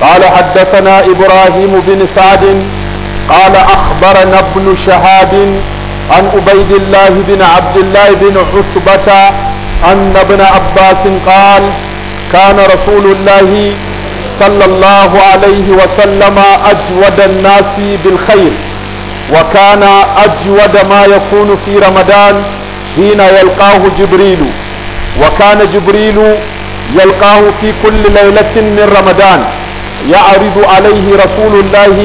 قال حدثنا إبراهيم بن سعد قال أخبرنا ابن شهاب عن عبيد الله بن عبد الله بن عتبة أن ابن عباس قال كان رسول الله صلى الله عليه وسلم أجود الناس بالخير وكان أجود ما يكون في رمضان حين يلقاه جبريل وكان جبريل يلقاه في كل ليلة من رمضان يعرض عليه رسول الله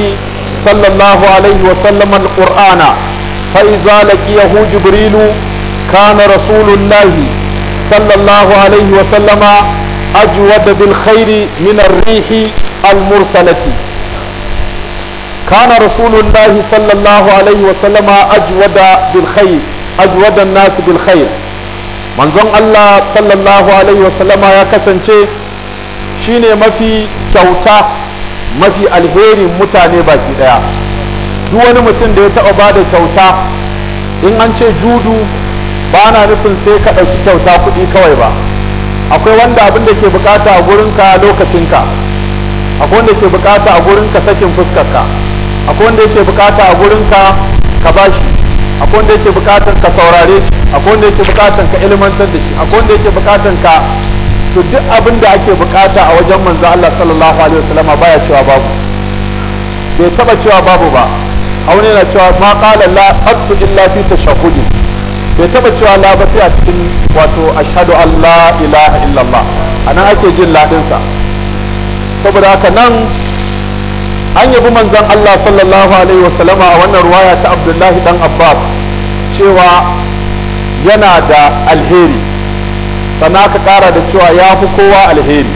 صلى الله عليه وسلم القرآن فإذا لقيه جبريل كان رسول الله صلى الله عليه وسلم أجود بالخير من الريح المرسلة كان رسول الله صلى الله عليه وسلم أجود بالخير أجود الناس بالخير manzon Allah sallallahu alaihi wasallama ya kasance shine mafi kyauta mafi alherin mutane baki daya duk wani mutum da ya taba ba da kyauta in an ce judu ba na nufin sai ka ɗauki kyauta kuɗi kawai ba akwai wanda abin da ke bukata a gurinka lokacinka akwai wanda ke bukata a gurinka sakin fuskarka akwai wanda yake bukata a gurinka ka bashi akwai wanda yake bukatan ka saurare shi akwai wanda yake bukatan ka ilmantar da shi akwai wanda yake bukatan ka to duk abin da ake bukata a wajen manzo Allah sallallahu alaihi wasallama baya cewa babu bai taba cewa babu ba a wani yana cewa ma qala la qattu illa fi tashahhudi bai taba cewa la ba sai a cikin wato ashhadu an la ilaha illallah anan ake jin ladin sa saboda haka nan an yabi manzon Allah sallallahu alaihi wasallama a wannan ruwaya ta Abdullahi dan Abbas cewa yana da alheri sannan aka kara da cewa ya fi kowa alheri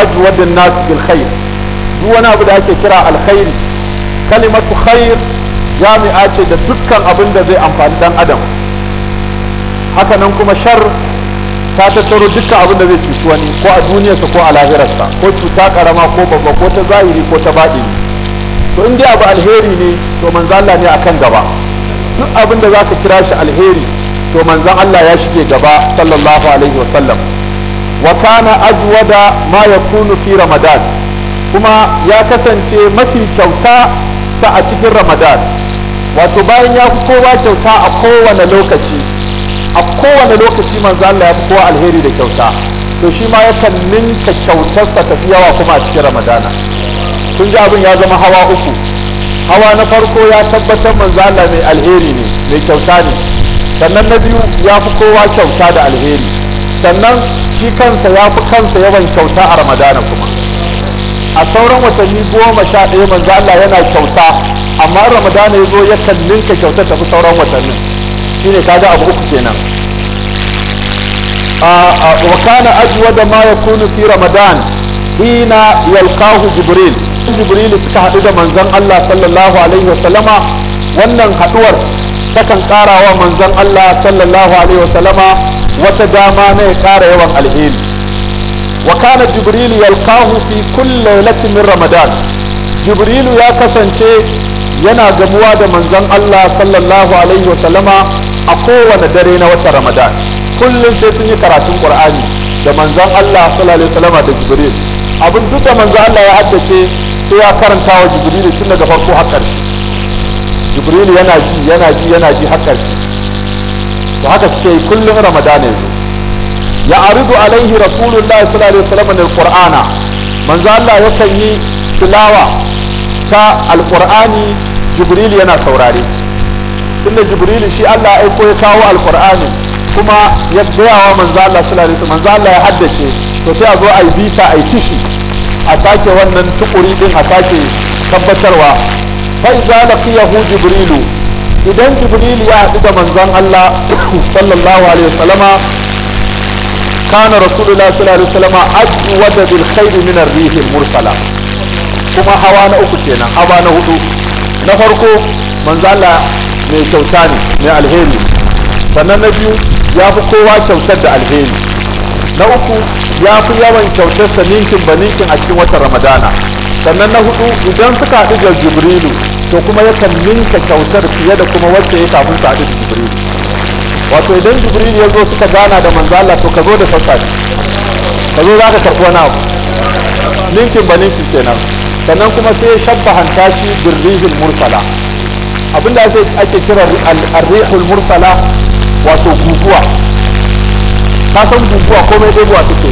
ajwadin nasu bil khair duk wani abu da ake kira alkhairi kalimatu khair jami'a ce da dukkan abin da zai amfani dan adam haka nan kuma shar ta tattaro dukkan abin da zai cuci wani ko a duniyarsa ko a lahirarsa ko cuta karama ko babba ko ta zahiri ko ta baɗi to in dai abu alheri ne to manzo Allah ne akan gaba duk abin da zaka kira shi alheri to manzon Allah ya shige gaba sallallahu alaihi wasallam wa kana ajwada ma yakunu fi ramadan kuma ya kasance mafi kyauta ta a cikin ramadan wato bayan ya fi kowa kyauta a kowane lokaci a kowane lokaci manzan Allah ya fi kowa alheri da kyauta to shi ma yakan ninka kyautarsa tafi yawa kuma a cikin ramadana kun ji abin ya zama hawa uku hawa na farko ya tabbatar manzo Allah mai alheri ne mai kyauta ne sannan na biyu ya fi kowa kyauta da alheri sannan shi kansa ya fi kansa yawan kyauta a ramadana kuma a sauran watanni goma sha ɗaya manzo Allah yana kyauta amma ramadana ya zo yakan ninka kyauta tafi sauran watannin shine kaga abu uku kenan wa kana ajwada ma yakunu fi ramadan hina yalqahu jibril jibril suka haɗu da manzon Allah sallallahu alaihi wasallama wannan haɗuwar takan ƙara wa manzon Allah sallallahu alaihi wasallama wata dama na ya ƙara yawan alheri wa kana jibril yalqahu fi kulli lailatin min ramadan jibril ya kasance yana gamuwa da manzon Allah sallallahu alaihi wasallama a kowane dare na watan ramadan kullum sai sun yi karatun qur'ani da manzon Allah sallallahu alaihi wasallama da jibril abin duk da manzon Allah ya haddace sai ya karanta wa jibril tun daga farko har ƙarshe jibril yana ji yana ji yana ji har da haka suke yi kullum ramadana yanzu ya aridu alaihi rasulullahi sallallahu alaihi wasallam qur'ana manzo Allah yakan yi tilawa ta alqur'ani jibril yana saurare tunda jibril shi Allah ya aiko ya kawo alqur'ani kuma ya gaya wa manzo Allah sallallahu alaihi wasallam Allah ya haddace to sai a zo a yi bita a yi a sake wannan tukuri din a sake tabbatarwa فإذا لقيه جبريل إذا جبريل يعقد من زن الله صلى الله عليه وسلم كان رسول الله صلى الله عليه وسلم أجود بالخير من الريح المرسلة كما حوانا أكتنا حوانا هدو نفرقو من زن الله mai kyauta ne mai alheri sannan na biyu ya fi kowa kyautar da alheri na uku ya fi yawan kyautar sa ninkin ba ninkin a cikin watan ramadana sannan na hudu idan suka haɗu da jibrilu to kuma yakan ninka kyautar fiye da kuma wacce ya kafin su da jibril wato idan jibril ya zo suka gana da manzo Allah to ka zo da sassafe ka zo za ka karɓi wani abu ninkin ba ninkin kenan sannan kuma sai ya shabbahanta shi birrihin mursala abinda ake kira arrihul mursala wato guguwa ka san guguwa komai ɗebowa take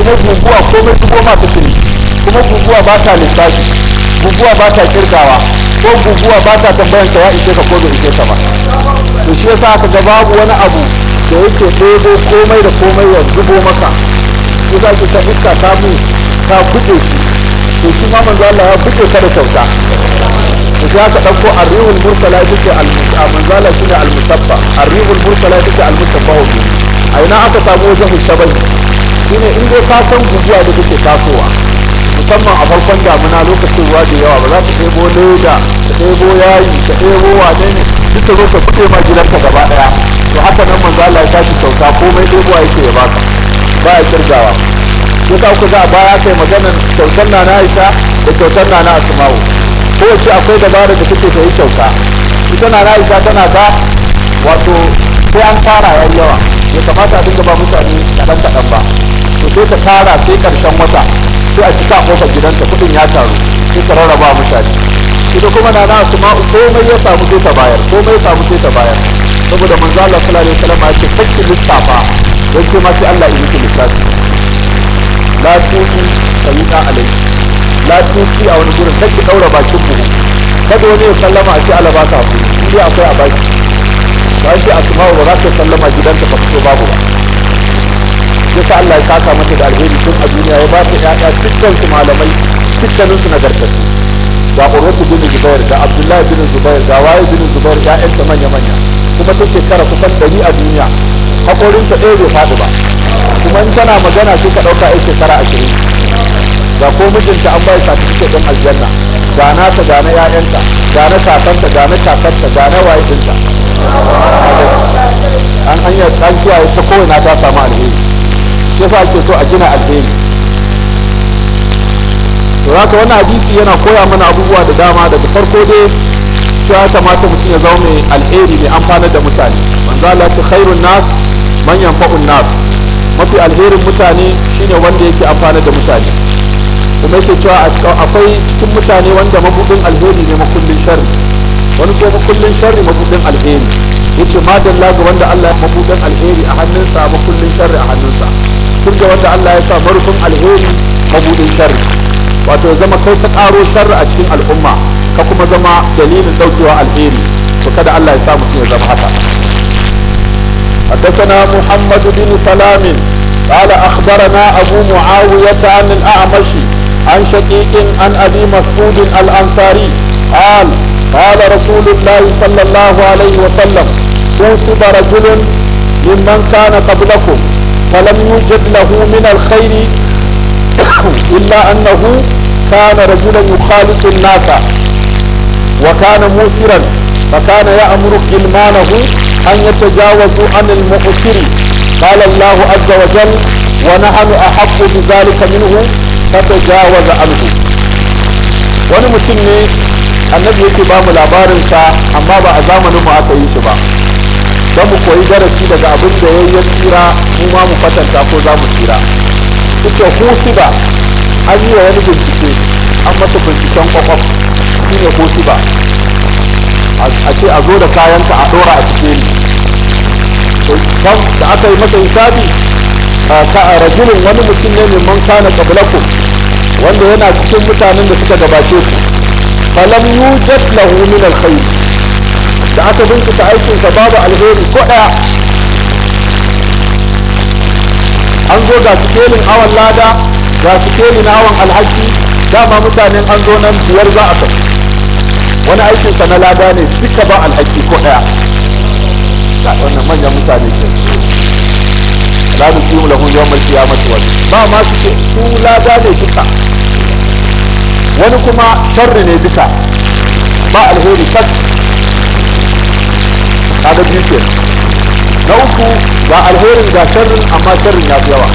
kuma guguwa komai dubo ma take kuma guguwa ba ta lissafi guguwa ba ta kirgawa ko guguwa ba ta tambayan ta ya ishe ka ko da ishe ka ba to shi yasa aka ga babu wani abu da yake dogo komai da komai ya zubo maka shi za ki ta iska ta mu ta buɗe shi to shi ma manzo Allah ya buɗe ka da kyauta to shi aka ɗauko arrihul mursala yake al-musabba manzo Allah shine al-musabba arrihul mursala yake al-musabba a ina aka samu wajen musabai shine in dai ka san guguwa da kake tasowa musamman a farkon damuna lokacin ruwa da yawa ba za ka ɗebo leda ka ɗebo yayi ka ɗebo wane ne duk da ka ma gidanka gaba ɗaya to haka nan manzo Allah ya tashi kyauta komai ɗebowa yake ya baka ba ya kirgawa yasa ku a baya kai maganar kyautar na na Aisha da kyautar na na Asma'u kowace akwai dabara da take ta yi kyauta ita na na Aisha tana ba wato sai an fara yayi yawa ya kamata a dinga ba mutane kaɗan kaɗan ba to sai ka fara sai ƙarshen wata sai a cika kofar gidanta kuɗin ya taru sai ta rarraba mutane ita kuma na nasu ma komai ya samu sai ta bayar komai ya samu sai ta bayar saboda manzo Allah sallallahu alaihi wasallam ya ce fakki lissafa don ke ma sai Allah ya miki lissafi la tuki sayyida alai la tuki a wani gurin fakki daura bakin buhu kada wani ya sallama a ce Allah ba ka sai akwai a baki ba shi asma'u ba za ta sallama gidanta ba ko babu ba yasa Allah ya kasa mata da alheri tun a duniya ya ba ta ƴaƴa cikin su malamai cikin su nagartattu ga Urwatu bin Zubair ga Abdullahi bin Zubair ga Waye bin Zubair ƴaƴan ta manya manya kuma ta shekara kusan ɗari a duniya hakorin ta ɗaya bai faɗi ba kuma in tana magana sai ka ɗauka ai shekara ashirin ga ko mijinta an bai certificate ɗin aljanna ga ta ga na ƴaƴanta ga na kakanta ga na kakanta ga na waye ɗinta an hanyar ɗan kiwaye ta kowai na ta samu alheri shi yasa ake so a gina alheri to haka wannan hadisi yana koya mana abubuwa da dama daga farko dai ya kamata mutum ya zama mai alheri mai amfanar da mutane manzo Allah ta khairun nas man yanfa'un nas mafi alherin mutane shine wanda yake amfanar da mutane kuma yake cewa akwai cikin mutane wanda mabudin alheri ne makullin sharri wani ko makullin sharri mabudin alheri yace madalla ga wanda Allah ya mabudin alheri a hannunsa makullin sharri a hannunsa ga wanda Allah ya sa marufin alheri mabudin sharri wato zama kai ta karo sharri a cikin al'umma ka kuma zama dalilin daukewa alheri to kada Allah ya sa mutum ya zama haka حدثنا محمد بن سلام قال أخبرنا أبو معاوية عن الأعمش عن شقيق عن أبي مسعود الأنصاري قال قال رسول الله صلى الله عليه وسلم أوصب رجل ممن كان قبلكم فلم يوجد له من الخير إلا أنه كان رجلا يخالط الناس وكان موسرا فكان يأمر غلمانه أن يتجاوزوا عن المؤسر قال الله عز وجل ونحن أحق بذلك منه فتجاوز عنه wani mutum ne annabi yake ba mu labarinsa amma ba a zamanin mu aka yi shi ba don mu koyi darasi daga abin da ya yi tsira mu ma mu kwatanta ko za mu tsira ita ba an yi wa wani bincike an masa binciken kwakwaf shi ne ba a ce a zo da kayanka a ɗora a cikin da aka yi masa hisabi a rajulun wani mutum ne mai man kana qablakum wanda yana cikin mutanen da suka gabace ku falam yujad lahu min alkhair da aka bincika aikinsa babu alheri ko ɗaya an zo ga sikelin awon lada ga sikelin awon alhaki dama mutanen an zo nan biyar za a tafi wani aikinsa na lada ne duka ba alhaki ko ɗaya ga wannan manyan mutane ke la nuqimu lahum yawm ya mace wazn ba ma su su lada ne duka wani kuma sharri ne duka ba alheri sak kaga biyu ke na uku ga alherin ga sharrin amma sharrin ya fi yawa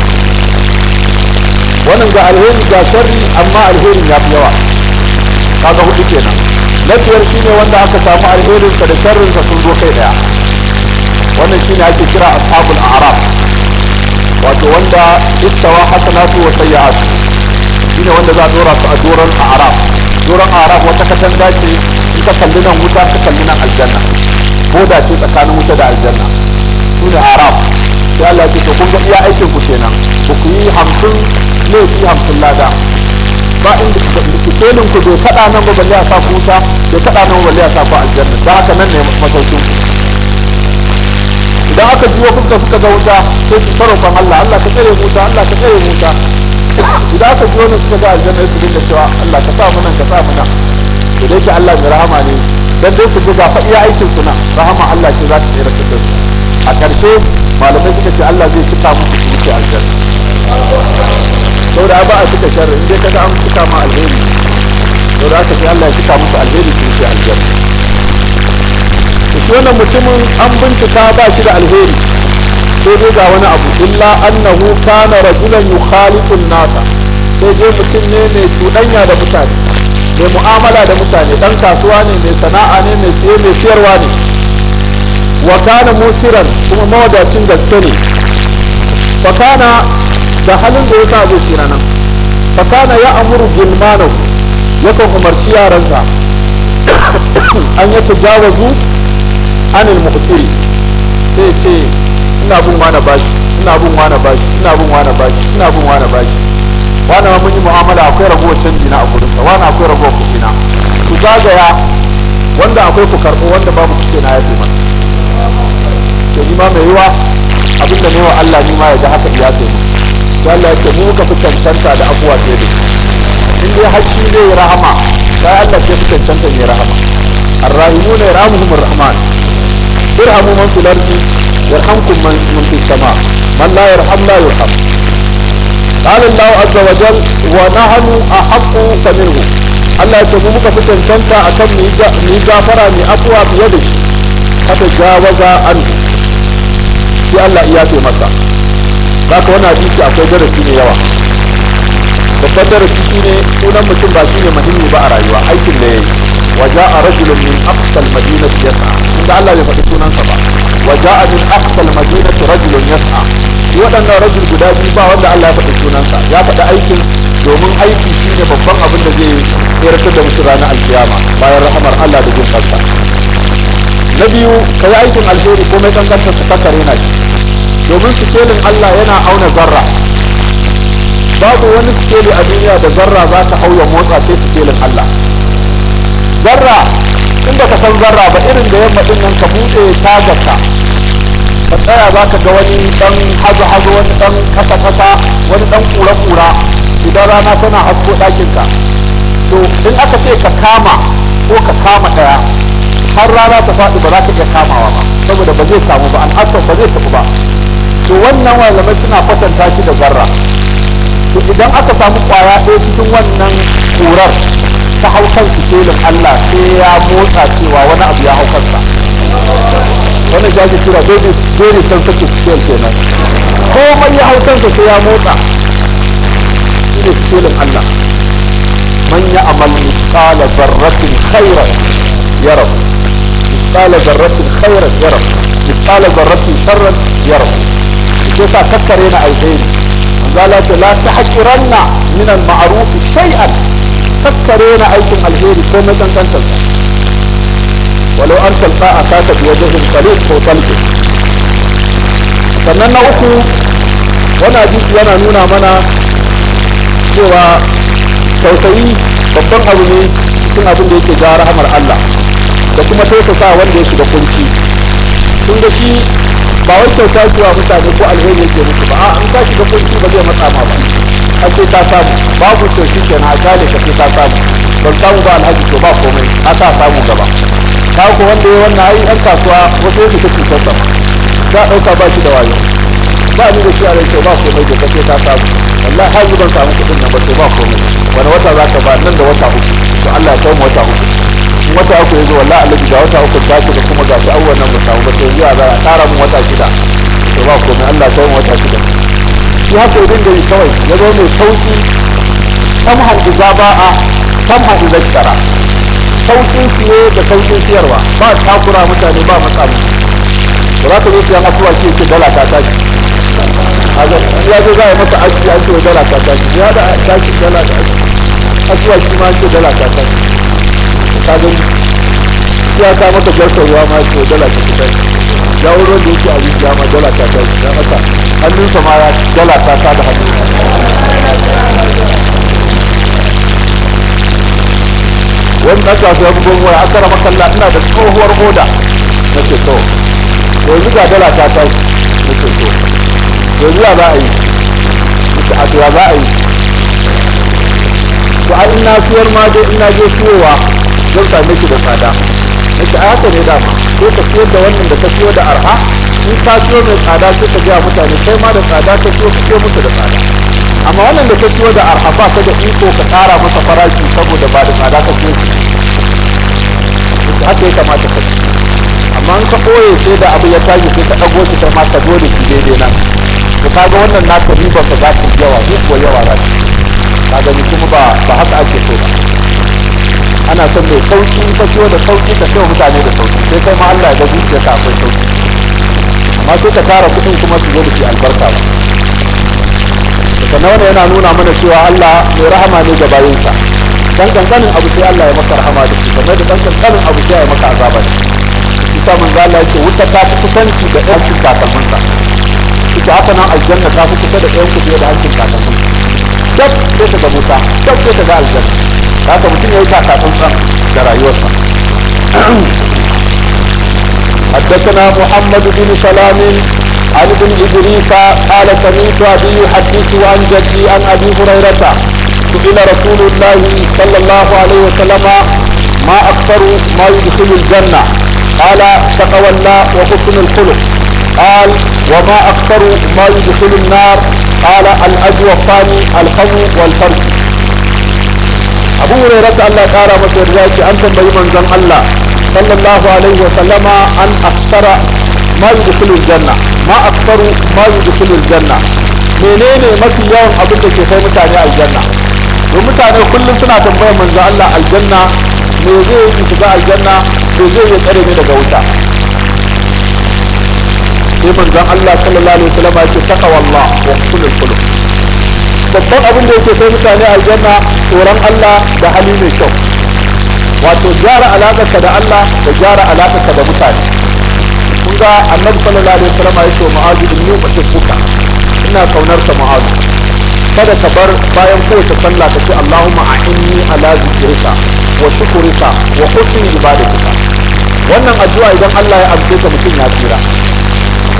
wannan ga alherin ga sharri amma alherin ya fi yawa kaga hudu kenan na biyar shine wanda aka samu alherinsa da sharrinsa sun zo kai daya wannan shine ake kira ashabul a'raf wato wanda istawa hasanatu wa sayyi'atu shine wanda za a dora su a doron a'raf doron araf wata katanga ce in ka kalli nan wuta ka kalli nan aljanna boda ce tsakanin wuta da aljanna su ne araf sai Allah ce to kun ga iya aikin ku kenan ku yi hamsin ne ku yi hamsin lada ba inda kitelin ku bai kada nan ba balle a sa ku wuta bai kada nan ba balle a sa ku aljanna da haka nan ne masaukin ku idan aka biyo kuka suka ga wuta sai su sarrafa Allah Allah ka tsare wuta Allah ka tsare wuta idan aka ji wani suka ga aljanna su dinga cewa Allah ka sa mana ka sa mana to dai ke Allah mai rahama ne dan dai su ga fa iya aikin su na rahama Allah ce za ta tsira ta da su a karshe malamai suka ce Allah zai cika musu su wuce aljanna saboda ba a cika sharri in dai kaga an cika ma alheri saboda aka ce Allah ya cika musu alheri su wuce aljanna shi wannan mutumin an bincika ba shi da alheri sai dai ga wani abu illa annahu kana rajulan yukhaliqun nasa sai dai mutum ne mai cuɗanya da mutane mai mu'amala da mutane dan kasuwa ne mai sana'a ne mai siye mai siyarwa ne wa kana musiran kuma mawadacin gaske ne fa kana da halin da ya sa zai shi nan fa kana ya amuru gulmanahu yakan umarci yaransa an ya tajawazu anil mu'tiri sai sai. ina bin wani baki ina bin wani baki ina bin wani baki ina bin wani baki wani ma mun yi mu'amala akwai ragowar canji na a gurinsa wani akwai ragowar kuɗi na ku zagaya wanda akwai ku karɓo wanda babu kuke na yafe masa to ni ma mai yiwa abin da ne wa Allah ni ma ya ga haka ya ce mu Allah ya ce mu muka fi cancanta da afuwa fiye da in dai hakki ne rahama sai Allah ya fi cancanta ne rahama الراحمون يرحمهم الرحمن ارحموا من في الارض يرحمكم من من في السماء من لا يرحم لا يرحم قال الله عز وجل a kan فمنه الله يتوب مك فتن تنتا اكن ميجا ميجا فرا مي ابوا بيدك فتجاوز عنه في الله يا في مكه kaka wani hadisi akwai darasi ne yawa babban darasi shi ne sunan mutum ba shi ne muhimmi ba a rayuwa aikin da ya yi waje a rajulun min aksal in yasa inda allah bai faɗi sunansa ba wa ja'a min aqsa al-madinati rajulun yas'a waɗannan rajul guda biyu ba wanda Allah ya faɗi sunansa ya faɗi aikin domin aiki shine babban abin da zai tsirkar da mutum ranar alkiyama bayan rahamar Allah da jin na biyu ka yi aikin alheri komai kankanta su kakare na shi domin sikelin Allah yana auna zarra babu wani sikeli a duniya da zarra za ta auya motsa sai sikelin Allah zarra in ka san zarra ba irin da yamma din nan ka buɗe tagarka ka tsaya za ka ga wani ɗan hazo-hazo wani ɗan kasa-kasa wani ɗan kura-kura idan rana tana hasko ɗakinka to in aka ce ka kama ko ka kama ɗaya har rana ta faɗi ba za ka iya kamawa ba saboda ba zai samu ba al'asar ba zai tafi ba to wannan malamai suna kwatanta shi da zarra to idan aka samu kwaya ɗaya cikin wannan kurar ta hau kan sikelin Allah sai ya motsa cewa wani abu ya hau kansa wannan jaji kira dole san sake sikel kenan komai ya hau kansa sai ya motsa shi ne sikelin Allah man ya amal misqala zarratin khairan yarab misqala zarratin khairan yarab misqala zarratin sharran yarab ke sa kakkare na alheri manzo Allah ce la tahqiranna min al-ma'ruf shay'an kakkare na aikin alheri ko mai kankantar walau an talfa a kasa biya jihin kalif ko talfi sannan na uku wani hadisi yana nuna mana cewa tausayi babban abu ne cikin abin da yake ga rahamar Allah da kuma tausasa wanda yake shiga kunci sun da shi ba wai kyauta cewa mutane ko alheri yake musu ba a an ka shiga kunci ba zai matsa ma ba ake ta samu babu to shi kenan a kyale ka ta samu ban samu ba alhaji to ba komai a ta samu gaba ta ku wanda ya wannan ai yan kasuwa wasu ya suke cutar sa a ɗauka ba shi da wayo ba ni da shi a rai to ba komai da ka kake ta samu wallahi har ban samu kuɗin nan ba to ba komai wani wata za ka ba nan da wata uku to Allah ya kawo wata uku wata uku ya zo wallahi alhaji ga wata uku ta da kuma ga shi awwal nan ba samu ba to yanzu a za a ƙara min wata shida to ba komai Allah ya kawo wata shida ya koyi dinga yi kawai ya zo mai sauki samhan iza ba'a samhan iza shara saukin siye da saukin siyarwa ba takura mutane ba matsamu musu ba za ka zo siyan asuwa ke ce dala ta tashi ya zo za a yi masa aski an ce dala ta tashi ya da tashi dala ta asuwa shi ma ce dala ta tashi ta gani ya ta mata jarkar ruwa ma ce dala ta tashi jawuron da yake abin zuciya ma dala ta ta ya hannun sa ma ya dala ta ta da hannu wani ɗan kasuwa ya bugon waya akara makalla ina da tsohuwar hoda na so to yanzu ga dala ta ta na so to yanzu ya za a yi mutu a tuwa za a yi to an na siyar ma dai ina je siyowa zan same shi da tsada nake ce a haka ne dama sai ta siyar da wannan da ta siyo da arha in ta siyo mai tsada sai ta gaya mutane kai ma da tsada ta siyo ka siyo musu da tsada amma wannan da ta siyo da arha ba ta da iko ka tsara masa farashi saboda ba da tsada ta siyo shi haka ya kamata ka ci amma in ka ɓoye sai da abu ya tashi sai ka ɗago shi ta ma ka zo da shi daidai nan ka kaga wannan naka ribar ka za ta yawa duk kuwa kana son mai sauki ta ciwo da sauki ta ciwo mutane da sauki sai kai ma Allah ya ga zuciya ta akwai sauki amma sai ka tara kuɗin kuma su zo da ke albarka ba daga nan yana nuna mana cewa Allah mai rahama ne ga bayinsa dan kankanin abu sai Allah ya maka rahama da shi kamar da dan kankanin abu sai ya maka azaba da shi isa manzo Allah yake wuta ta fi kusanci da ɗakin takalminsa ita haka nan aljanna ta fi kusa da ɗan kuɗi da hankin takalminsa duk sai ta ga wuta dab sai ta ga aljanna haka mutum ya yi takatsantsan da rayuwarsa حدثنا محمد بن سلام عن ابن ادريس قال سمعت ابي يحدث عن جدي عن ابي هريره سئل رسول الله صلى الله عليه وسلم ما اكثر ما يدخل الجنه قال تقوى الله وحسن الخلق قال وما اكثر ما يدخل النار قال الاجر والثاني الخمر والفرج abu hurairah da Allah kara masa yarda ce an tambayi manzon Allah sallallahu alaihi wa sallama an aksara ma yudkhulul janna ma aksaru ma yudkhulul janna menene mafi yawan abin da ke kai mutane aljanna don mutane kullum suna tambayar manzo Allah aljanna me zai yi shiga aljanna me zai yi tsare ni daga wuta sai manzon Allah sallallahu alaihi wa wasallam ya ce taqwa Allah wa husnul babban abin da yake kai mutane aljanna tsoron Allah da hali mai kyau wato gyara alaƙarka da Allah da gyara alaƙarka da mutane kun ga annabi sallallahu alaihi wasallam ya ce mu'azu bin yubatin kuka ina kaunar ka mu'azu kada ka bar bayan kowace sallah ka ce Allahumma a'inni ala zikrika wa shukrika wa husni ibadatika wannan addu'a idan Allah ya amince ta mutum ya tsira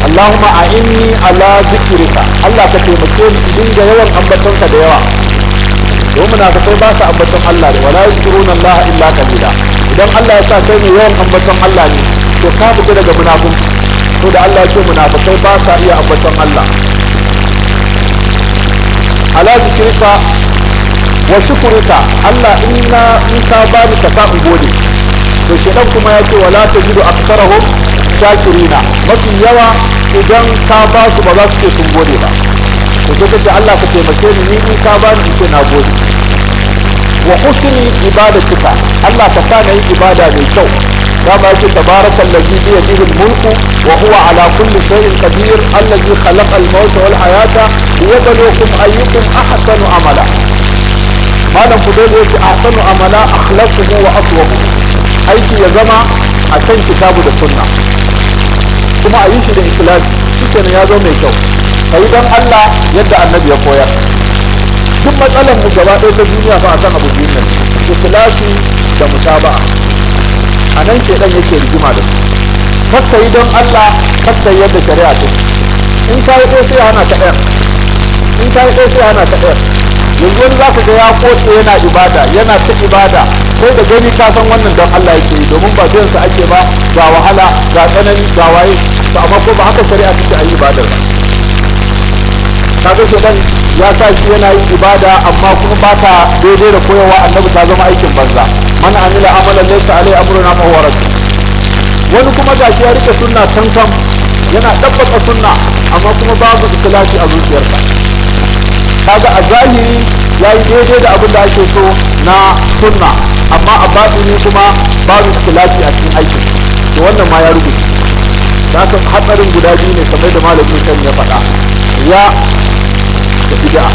Allahumma inni ala zikrika Allah ka taimake ni dinga yawan ambatonka da yawa don sai ba su ambaton Allah ne wala yashkuruna Allah illa qalila idan Allah ya sa kai ne yawan ambaton Allah ne to ka fita daga munafiki to da Allah ya ce sai ba sa iya ambaton Allah ala zikrika wa shukurika Allah inna in ka bani ka sa gode to ɗan kuma ya ce wala tajidu aktsarahum shakiruna mafi yawa idan ka ba su ba za su ce sun gode ba ku ga kace Allah ka taimake ni ni ka bani ni ce na gode wa husni ibadatuka Allah ka sa ni ibada mai kyau da ba ki tabarakal ladhi bi yadihi mulku wa huwa ala kulli shay'in qadir alladhi khalaqa al-mawt wal hayata yabluwakum ayyukum ahsanu amala malam ku dole yake ahsanu amala akhlaquhu wa atwabu aiki ya zama a kan kitabu da sunna kuma a yi shi da shi kenan ya zo mai kyau yi don Allah yadda annabi ya koyar duk matsalar mu gaba ɗaya ta duniya ba a san abu biyu nan ikhlasi da mutaba'a a nan ke dan yake rigima da su kasta yi don Allah kasta yi yadda shari'a ce in ka yi ɗaya sai hana ta ɗaya in ka yi ɗaya sai hana ta ɗaya yanzu wani za ka ga ya koce yana ibada yana ta ibada sai da gani ta san wannan don Allah yake yi domin ba biyan sa ake ba ga wahala ga tsanani ga waye ba amma ko ba haka shari'a take a yi ibadar ba kaga shedan ya sa shi yana yin ibada amma kuma ba ta daidai da koyarwa annabi ta zama aikin banza man amila amalan laysa alai amruna fa huwa wani kuma gashi ya rike sunna tantam yana tabbata sunna amma kuma babu ikhlasi a zuciyarsa kaga a zahiri ya yi daidai da abin da ake so na sunna amma a batini kuma babu ikhtilafi a cikin aikin to wannan ma ya rubuta haka hatsarin guda biyu ne kamar da malamin kan ya faɗa ya da bid'a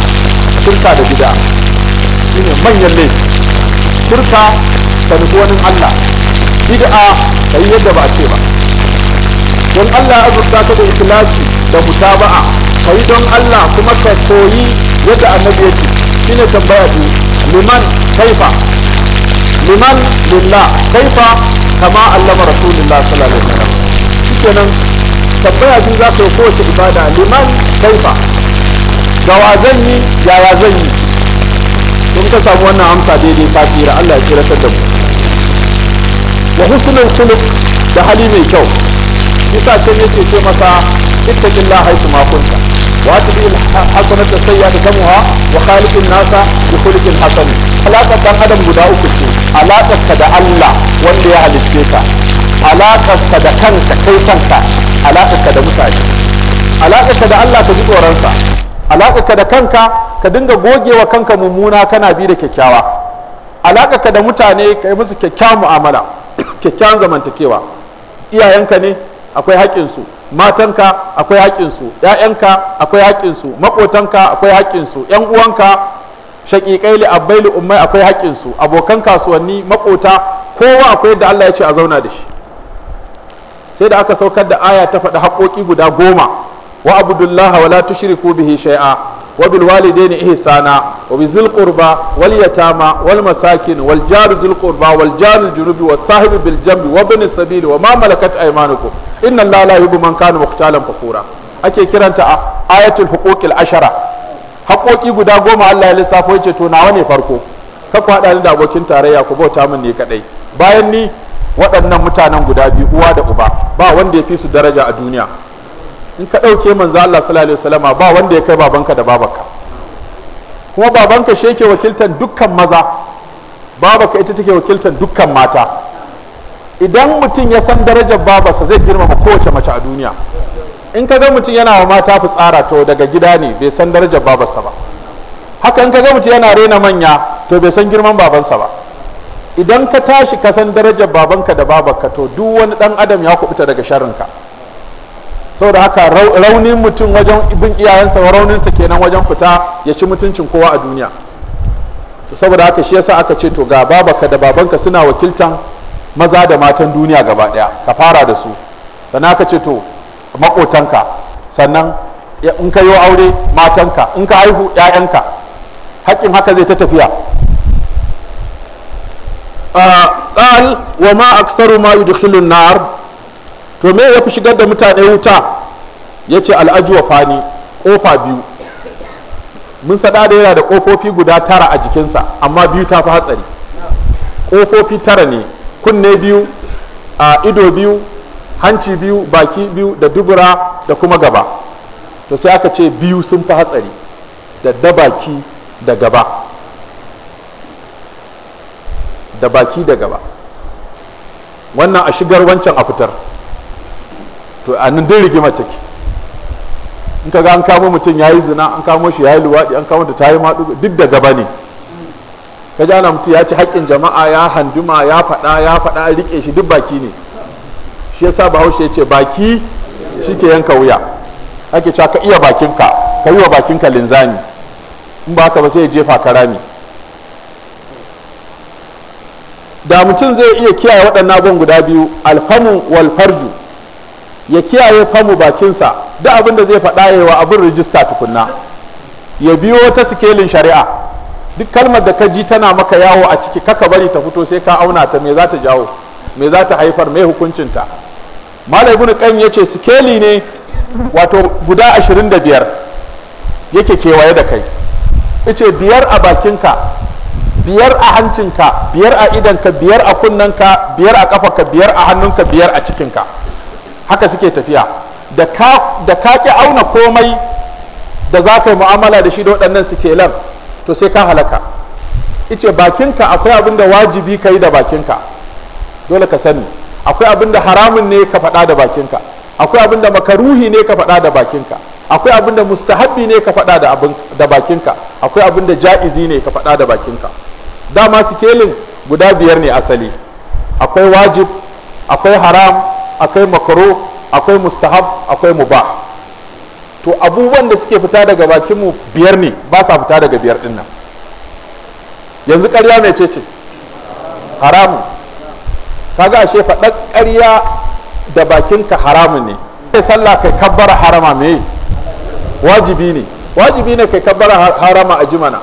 shirka da bid'a shine manyan ne shirka ta nufi wani Allah bid'a ta yi yadda ba a ce ba don Allah ya azurta ka da ikhlasi da mutaba'a kai don Allah kuma ka koyi yadda annabi yake shine tambaya ku liman kaifa liman lillah kaifa kama allama rasulullah sallallahu alaihi wasallam shikenan tambaya biyu za ka yi kowace ibada liman kaifa gawa zan yi yaya zan yi in ka samu wannan amsa daidai ka tsira Allah ya tsiratar da mu wa husnul khuluq da hali mai kyau yasa sai ya ce ce masa ittaqillah haythu ma kunta wa atbi'il hasanata sayyi'ata kamuha wa khaliqin nasa bi khuluqin hasan alaka dan adam guda uku ce alaka ka da Allah wanda ya halicce ka alaka ka da kanka kai kanka alaka ka da mutane alaka ka da Allah ka ji tsoron sa alaka ka da kanka ka dinga gogewa kanka mummuna kana bi da kyakkyawa alaka ka da mutane kai musu kyakkyawan mu'amala kyakkyawan zamantakewa iyayenka ne akwai haƙƙinsu matanka akwai haƙƙinsu ‘ya'yanka akwai haƙƙinsu maƙotanka akwai haƙƙinsu ‘yan uwanka shaƙiƙai li li'ummai akwai haƙƙinsu abokan kasuwanni maƙota kowa akwai yadda Allah ya ce a zauna da shi sai da aka saukar da aya ta faɗi haƙoƙi guda goma wa abdullah wa la tushriku bihi shay'a wa bil walidaini ihsana wa bi zil qurba wal yatama wal masakin wal jar zil qurba wal jar junubi bil jambi wa bin sabili wa ma malakat aymanukum inna allaha la yuhibbu man kana muqtalan fakura ake kiranta a ayatul huquqil ashara haƙoƙi guda goma Allah ya lissafo yace to nawa ne farko ka kwada ni da abokin tarayya ku bauta min ne kadai bayan ni waɗannan mutanen guda biyu uwa da uba ba wanda ya fi su daraja a duniya in ka ɗauke manzo Allah sallallahu alaihi wasallama ba wanda ya kai babanka da babanka kuma babanka shi yake wakiltan dukkan maza babanka ita take wakiltan dukkan mata idan mutum ya san darajar babarsa zai girmama kowace mace a duniya in ka ga mutum yana wa mata fitsara to daga gida ne bai san darajar babarsa ba haka in ka ga mutum yana rena manya to bai san girman babansa ba idan ka tashi ka san darajar babanka da babarka to duk wani dan adam ya kubuta daga ka saboda haka raunin mutum wajen bin iyayensa rauninsa kenan wajen fita ya ci mutuncin kowa a duniya saboda haka shi yasa aka ce to ga babarka da babanka suna wakiltan maza da matan duniya gaba daya ka fara da su sannan ka ce to makotanka sannan in ka yi aure matanka in ka haihu 'ya'yanka haƙƙin haka zai ta tafiya ƙal wa ma aksaru ma yudkhilun nar to me fi shigar da mutane wuta ya yace al'ajwa fani kofa biyu mun saɗa da yana da ƙofofi guda tara a jikinsa amma biyu ta fi hatsari ƙofofi tara ne kunne biyu a ido biyu hanci biyu baki biyu da dubura da kuma gaba to sai aka ce biyu sun fi hatsari da da baki da gaba da baki da gaba wannan a shigar wancan a fitar to a nan dai rigimar take in ka ga an kamo mutum ya yi zina an kamo shi ya yi luwaɗi an kamo da ta yi maɗu duk da gaba ne ka ji ana mutu ya ci haƙƙin jama'a ya handuma ya faɗa ya faɗa a riƙe shi duk baki ne shi yasa bahaushe ya ce baki shi ke yanka wuya ake cewa ka iya bakinka ka yi wa bakinka linzami in ba haka ba sai ya jefa ka rami da mutum zai iya kiyaye waɗannan abin guda biyu alfamu wal ya kiyaye famu bakinsa duk abin da zai faɗa yawa abin rijista tukunna ya biyo ta sikelin shari'a duk kalmar da ka ji tana maka yawo a ciki kaka bari ta fito sai ka auna ta me za ta jawo me za ta haifar me hukuncinta malam kan qayyim yace sikeli ne wato guda 25 yake kewaye da kai yace biyar a bakinka biyar a hancinka biyar a idanka biyar a kunnanka biyar a kafarka biyar a hannunka biyar a cikinka haka suke tafiya da ka da ki auna komai da za ka yi mu'amala da shi da waɗannan sikelan to sai ka halaka ice bakinka akwai abin da wajibi ka yi da bakinka dole ka sani akwai abin da haramun ne ka faɗa da bakinka akwai abin da makaruhi ne ka faɗa da bakinka akwai abin da mustahabbi ne ka faɗa da bakinka akwai abin da ja'izi ne ka faɗa da bakinka dama sikelin guda biyar ne asali akwai wajib akwai haram akwai makaro akwai mustahab akwai mubah to abubuwan da suke fita daga bakinmu biyar ne ba sa fita daga biyar ɗin nan yanzu karya mai ce ce haramun kaga ashe faɗa ƙarya da bakinka haramun ne kai sallah kai kabbara harama me wajibi ne wajibi ne kai kabbara harama a jimana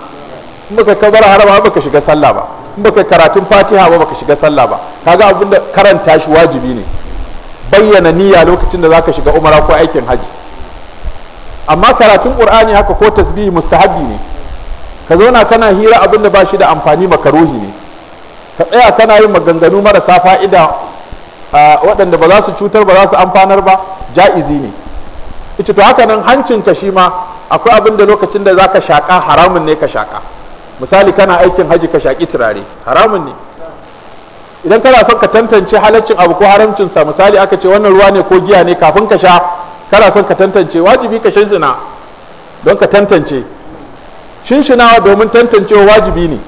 in baka kabbara harama ba baka shiga sallah ba in baka karatun fatiha ba baka shiga sallah ba kaga abin da karanta shi wajibi ne bayyana niyya lokacin da zaka shiga umara ko aikin hajji. amma karatun qur'ani haka ko tasbihi mustahabbi ne ka zauna kana hira abin da ba shi da amfani makaruhi ne ka tsaya kana yin maganganu marasa fa'ida waɗanda ba za su cutar ba za su amfanar ba ja'izi ne ita to haka nan hancin ka shi ma akwai abin da lokacin da za ka shaƙa haramun ne ka shaƙa misali kana aikin haji ka shaki turare haramun ne idan kana son ka tantance halaccin abu ko haramcinsa misali aka ce wannan ruwa ne ko giya ne kafin ka sha kana son ka tantance wajibi ka shinshina don ka tantance shinshinawa domin tantancewa wajibi ne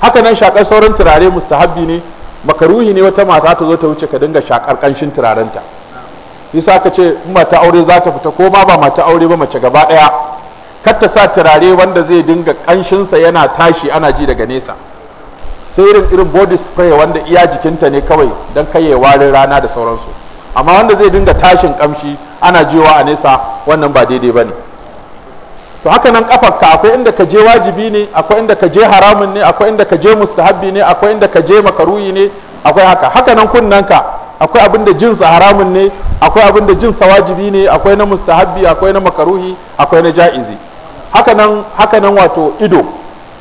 haka nan shakar sauran turare mustahabbi ne makaruhi ne wata mata ta zo ta wuce ka dinga shakar kanshin turarenta yasa ka ce in mata aure za ta fita ko ma ba mata aure ba mace gaba daya kar ta sa turare wanda zai dinga kanshin sa yana tashi ana ji daga nesa sai irin irin body spray wanda iya jikinta ne kawai don ya warin rana da sauransu amma wanda zai dinga tashin kamshi ana jewa a nesa wannan ba daidai ba ne to haka nan kafarka akwai inda ka je wajibi ne akwai inda ka je haramun ne akwai inda ka je mustahabbi ne akwai inda ka je makaruyi ne akwai haka haka nan kunnanka akwai abin da jinsa haramun ne akwai abin da jinsa wajibi ne akwai na mustahabbi akwai na makaruhi akwai na ja'izi haka nan haka nan wato ido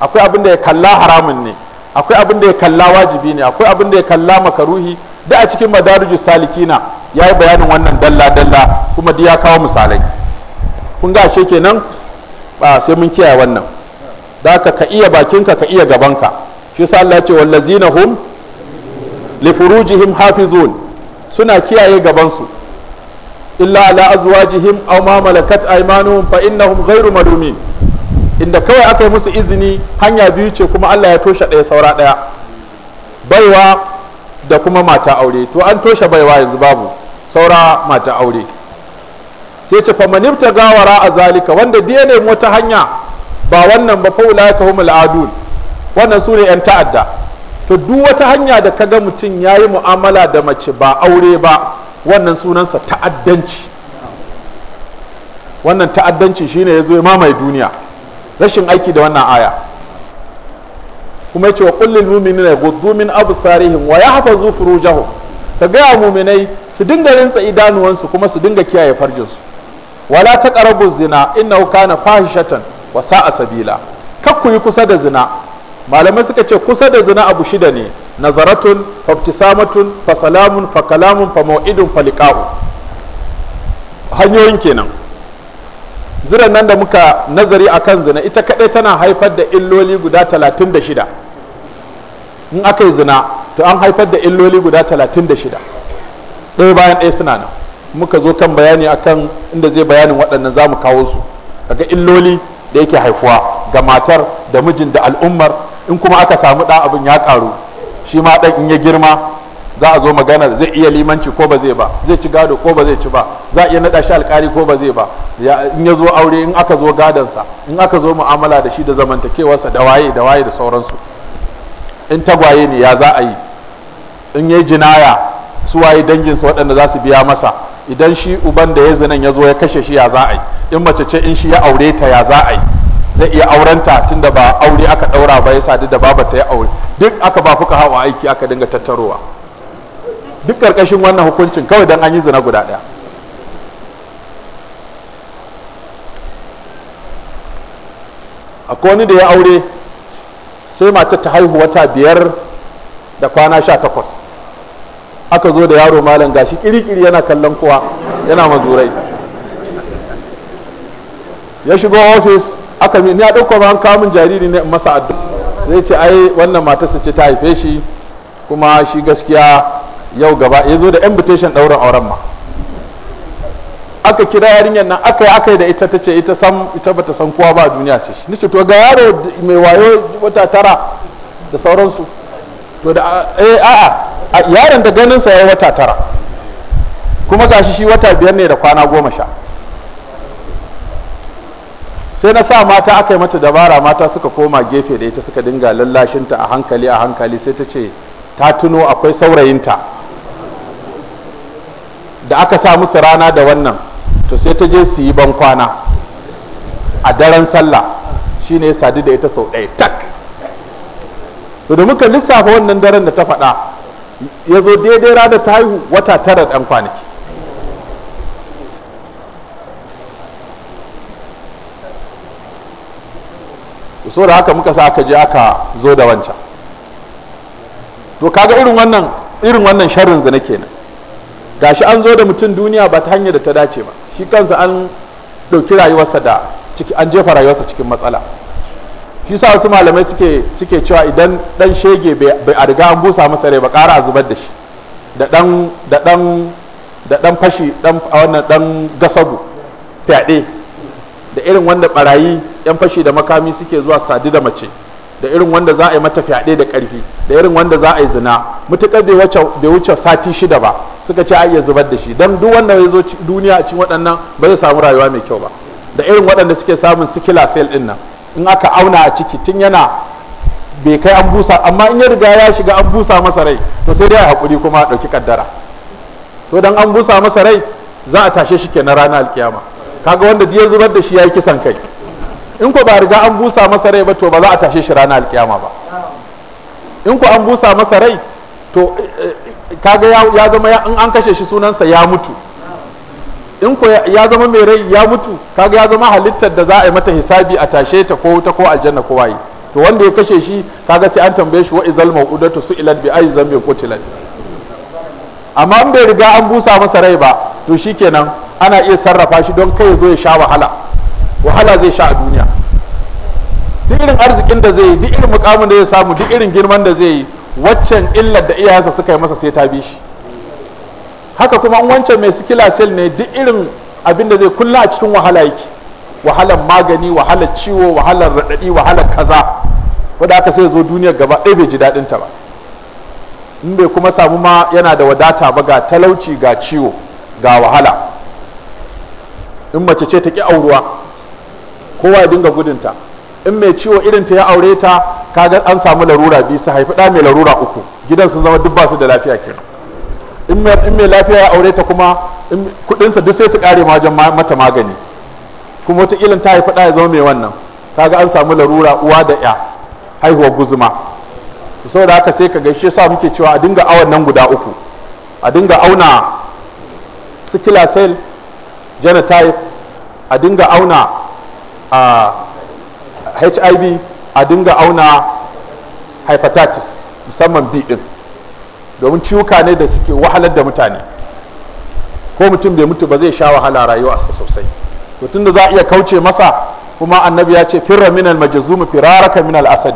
akwai abin da ya kalla haramun ne akwai abin da ya kalla wajibi ne akwai abin da ya kalla makaruhi da a cikin madarijus salikina ya yi bayanin wannan dalla-dalla kuma ya kawo misalai kun ga ashe kenan ba sai mun kiyaye wannan da ka ka iya bakinka ka iya gabanka shi sa Allah ya ce wallazina hum li furujihim hafizun suna kiyaye gabansu illa ala azwajihim aw ma malakat aymanuhum fa innahum ghairu malumin inda kawai aka yi musu izini hanya biyu ce kuma Allah ya toshe ɗaya saura ɗaya baiwa da kuma mata aure to an toshe baiwa yanzu babu saura mata aure sai ce famanim ta gawara a zalika wanda dai ne wata hanya ba wannan ba faula ka humul al'adul wannan su ne yan ta'adda to duk wata hanya da kaga mutum ya yi mu'amala da mace ba aure ba wannan sunansa ta'addanci wannan ta'addanci shine ya zo ya mamaye duniya rashin aiki da wannan aya kuma yace wa kullil mu'minina yaghuddu min absarihim wa yahfazu furujahum ka ga mu'minai su dinga rintsa idanuwansu kuma su dinga kiyaye farjinsu wala ta ƙarabu zina innahu kana fahishatan wa sa'a sabila kak ku yi kusa da zina malamai suka ce kusa da zina abu shida ne nazaratun fabtisamatun fasalamun fakalamun famau'idun falikahu. hanyoyin kenan ziran nan da muka nazari akan zina ita kaɗai tana haifar da illoli guda talatin da shida in aka yi zina to an haifar da illoli guda talatin da shida ɗaya bayan ɗaya suna nan muka zo kan bayani akan inda zai bayanin waɗannan za mu kawo su daga illoli da yake haifuwa ga matar da mijin da al'ummar in kuma aka samu ɗan abin ya ƙaru shi ma ɗan in ya girma za a zo maganar zai iya limanci ko ba zai ba zai ci gado ko ba zai ci ba za a iya naɗa shi alƙali ko ba zai ba in ya zo aure in aka zo gadonsa in aka zo mu'amala da shi da zamantakewarsa da waye da waye da sauransu in tagwaye ne ya za a yi in yi jinaya su waye danginsa waɗanda za su biya masa idan shi uban da ya zinan ya zo ya kashe shi ya za a yi in mace ce in shi ya aure ta ya za a yi zai iya aurenta tunda ba aure aka ɗaura ba ya sadu da ta ya aure duk aka ba fuka hawa aiki aka dinga tattarowa duk ƙarƙashin wannan hukuncin kawai dan an yi zina guda ɗaya akwai wani da ya aure sai matar ta haihu wata biyar da kwana sha takwas aka zo da yaro malam gashi kirikiri yana kallon kowa yana mazurai ya shigo ofis aka ni ya ɗauka ban an kamun jariri ne masa addu zai ce ai wannan matarsa ce ta haife shi kuma shi gaskiya yau gaba ya zo da invitation ɗaurin auren ma aka kira yarinyar nan aka yi aka da ita ta ce ita sam ita bata san kowa ba a duniya sai shi nace to ga yaro mai wayo wata tara da sauransu to da eh, a'a yaron da ganin sa ya wata tara kuma gashi shi wata biyar ne da kwana goma sha sai na sa mata aka yi mata dabara mata suka koma gefe da ita suka dinga lallashinta a hankali a hankali sai ta ce ta tuno akwai saurayinta da aka sa musu rana da wannan to sai ta je su yi ban kwana a daren sallah shine sadu da ita sau ɗaya tak to da muka lissafa wannan daren da ta faɗa ya zo daidai rada ta haihu wata tara ɗan kwanaki so da haka muka sa aka je aka zo da wancan to kaga irin wannan irin wannan sharrin zina kenan gashi an zo da mutum duniya ba ta hanyar da ta dace ba shi kansa an ɗauki rayuwarsa da ciki an jefa rayuwarsa cikin matsala shi sa wasu malamai suke cewa idan dan shege bai a riga an busa masa rai ba ƙara a zubar da shi da dan fashi a wannan dan gasagu fyaɗe da irin wanda barayi yan fashi da makami suke zuwa sadu da mace da irin wanda za a yi mata fyaɗe da ƙarfi da irin wanda za a yi zina mutuƙar bai wuce sati shida ba suka ce a iya zubar da shi don duk wanda ya zo duniya a cikin waɗannan ba zai samu rayuwa mai kyau ba da irin waɗanda suke samun sikila sel ɗin nan in aka auna a ciki tun yana bai kai an busa amma in ya riga ya shiga an busa masa rai to sai dai a hakuri kuma a ɗauki kaddara to dan an busa masa rai za a tashe shi kenan ranar alkiyama kaga wanda ya zubar da shi ya yi kisan kai in ko ba riga an busa masa rai ba to ba za a tashe shi ranar alkiyama ba in ko an busa masa rai to eh, eh, kaga ya zama in an kashe shi sunansa ya mutu in ko ya zama mai rai ya mutu kaga ya zama halittar da za a yi mata hisabi a tashe ta ko ta ko aljanna ko waye to wanda ya kashe shi kaga sai an tambaye shi wa izal su su'ilat bi ayi zambi qutilat amma an bai riga an busa masa rai ba to shikenan ana iya sarrafa shi don kai zo ya sha wahala wahala zai sha a duniya duk irin arzikin da zai yi duk irin mukamin da zai samu duk irin girman da zai yi waccan illar da iyayensa suka yi masa sai ta bi shi haka kuma wancan mai sikila sel ne duk irin abin da zai kulla a cikin wahala yake wahalar magani wahalar ciwo wahalar raɗaɗi wahalar kaza wadda aka sai zo duniyar gaba ɗaya bai ji daɗin ta ba in bai kuma samu ma yana da wadata ba ga talauci ga ciwo ga wahala in mace ce ta ƙi auruwa kowa ya dinga gudunta in mai ciwo irin ta ya aure ta kaga an samu larura biyu su haifi ɗa mai larura uku gidan sun zama duk ba su da lafiya kenan in mai lafiya ya aure ta kuma kudinsa duk sai su kare wajen mata magani kuma wata ilin ta haifi ya zama mai wannan kaga an samu larura uwa da ya haihuwa guzuma saboda haka sai ka gaishe sa muke cewa a dinga awon nan guda uku a dinga auna sikila cell genotype a dinga auna a hiv a dinga auna hepatitis musamman b din domin ciwuka ne da suke wahalar da mutane ko mutum bai mutu ba zai sha wahala rayuwarsa sosai to tunda za a iya kauce masa kuma annabi ya ce firra min al firaraka min al asad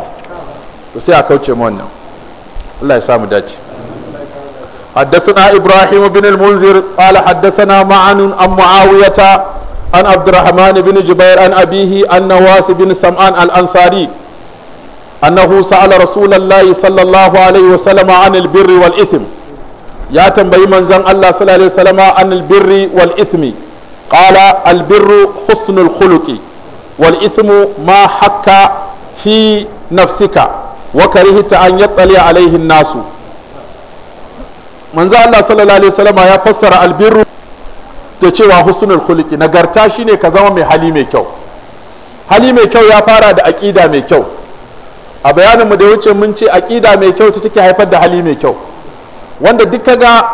to sai a kauce mu wannan Allah ya samu dace حدثنا إبراهيم بن المنذر قال حدثنا معن عن معاوية عن عبد الرحمن بن جبير عن أبيه عن نواس بن سمعان الأنصاري annahu sa'ala rasulullahi sallallahu alaihi wasallam anil birri wal ithm ya tambayi manzon Allah sallallahu alaihi wasallam birri wal ithmi qala al birru husnul khuluqi wal ithmu ma hakka fi nafsika wa karihta an yattali alaihi nasu manzo Allah sallallahu alaihi ya fassara albirru da cewa husnul khuluqi nagarta shine ka zama mai hali mai kyau hali mai kyau ya fara da aƙida mai kyau a bayaninmu da ya wuce mun ce aƙida mai kyau ta take haifar da hali mai kyau wanda duk kaga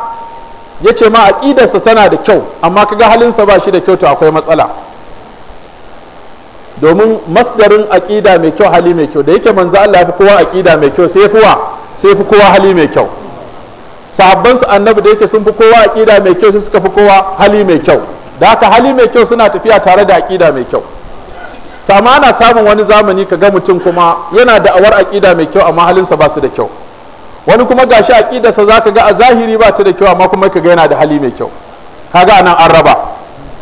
ya ce ma aƙidarsa tana da kyau amma kaga halinsa ba shi da kyau to akwai matsala domin masdarin aƙida mai kyau hali mai kyau da yake manzo Allah ya fi kowa aƙida mai kyau sai ya fi wa sai fi kowa hali mai kyau sahabban su annabi da yake sun fi kowa aƙida mai kyau sai suka fi kowa hali mai kyau da haka hali mai kyau suna tafiya tare da aƙida mai kyau ta ma ana samun wani zamani ka ga mutum kuma yana da awar akida mai kyau amma halinsa ba su da kyau wani kuma gashi aƙidarsa za ka ga a zahiri ba ta da kyau amma kuma ka ga yana da hali mai kyau kaga anan an raba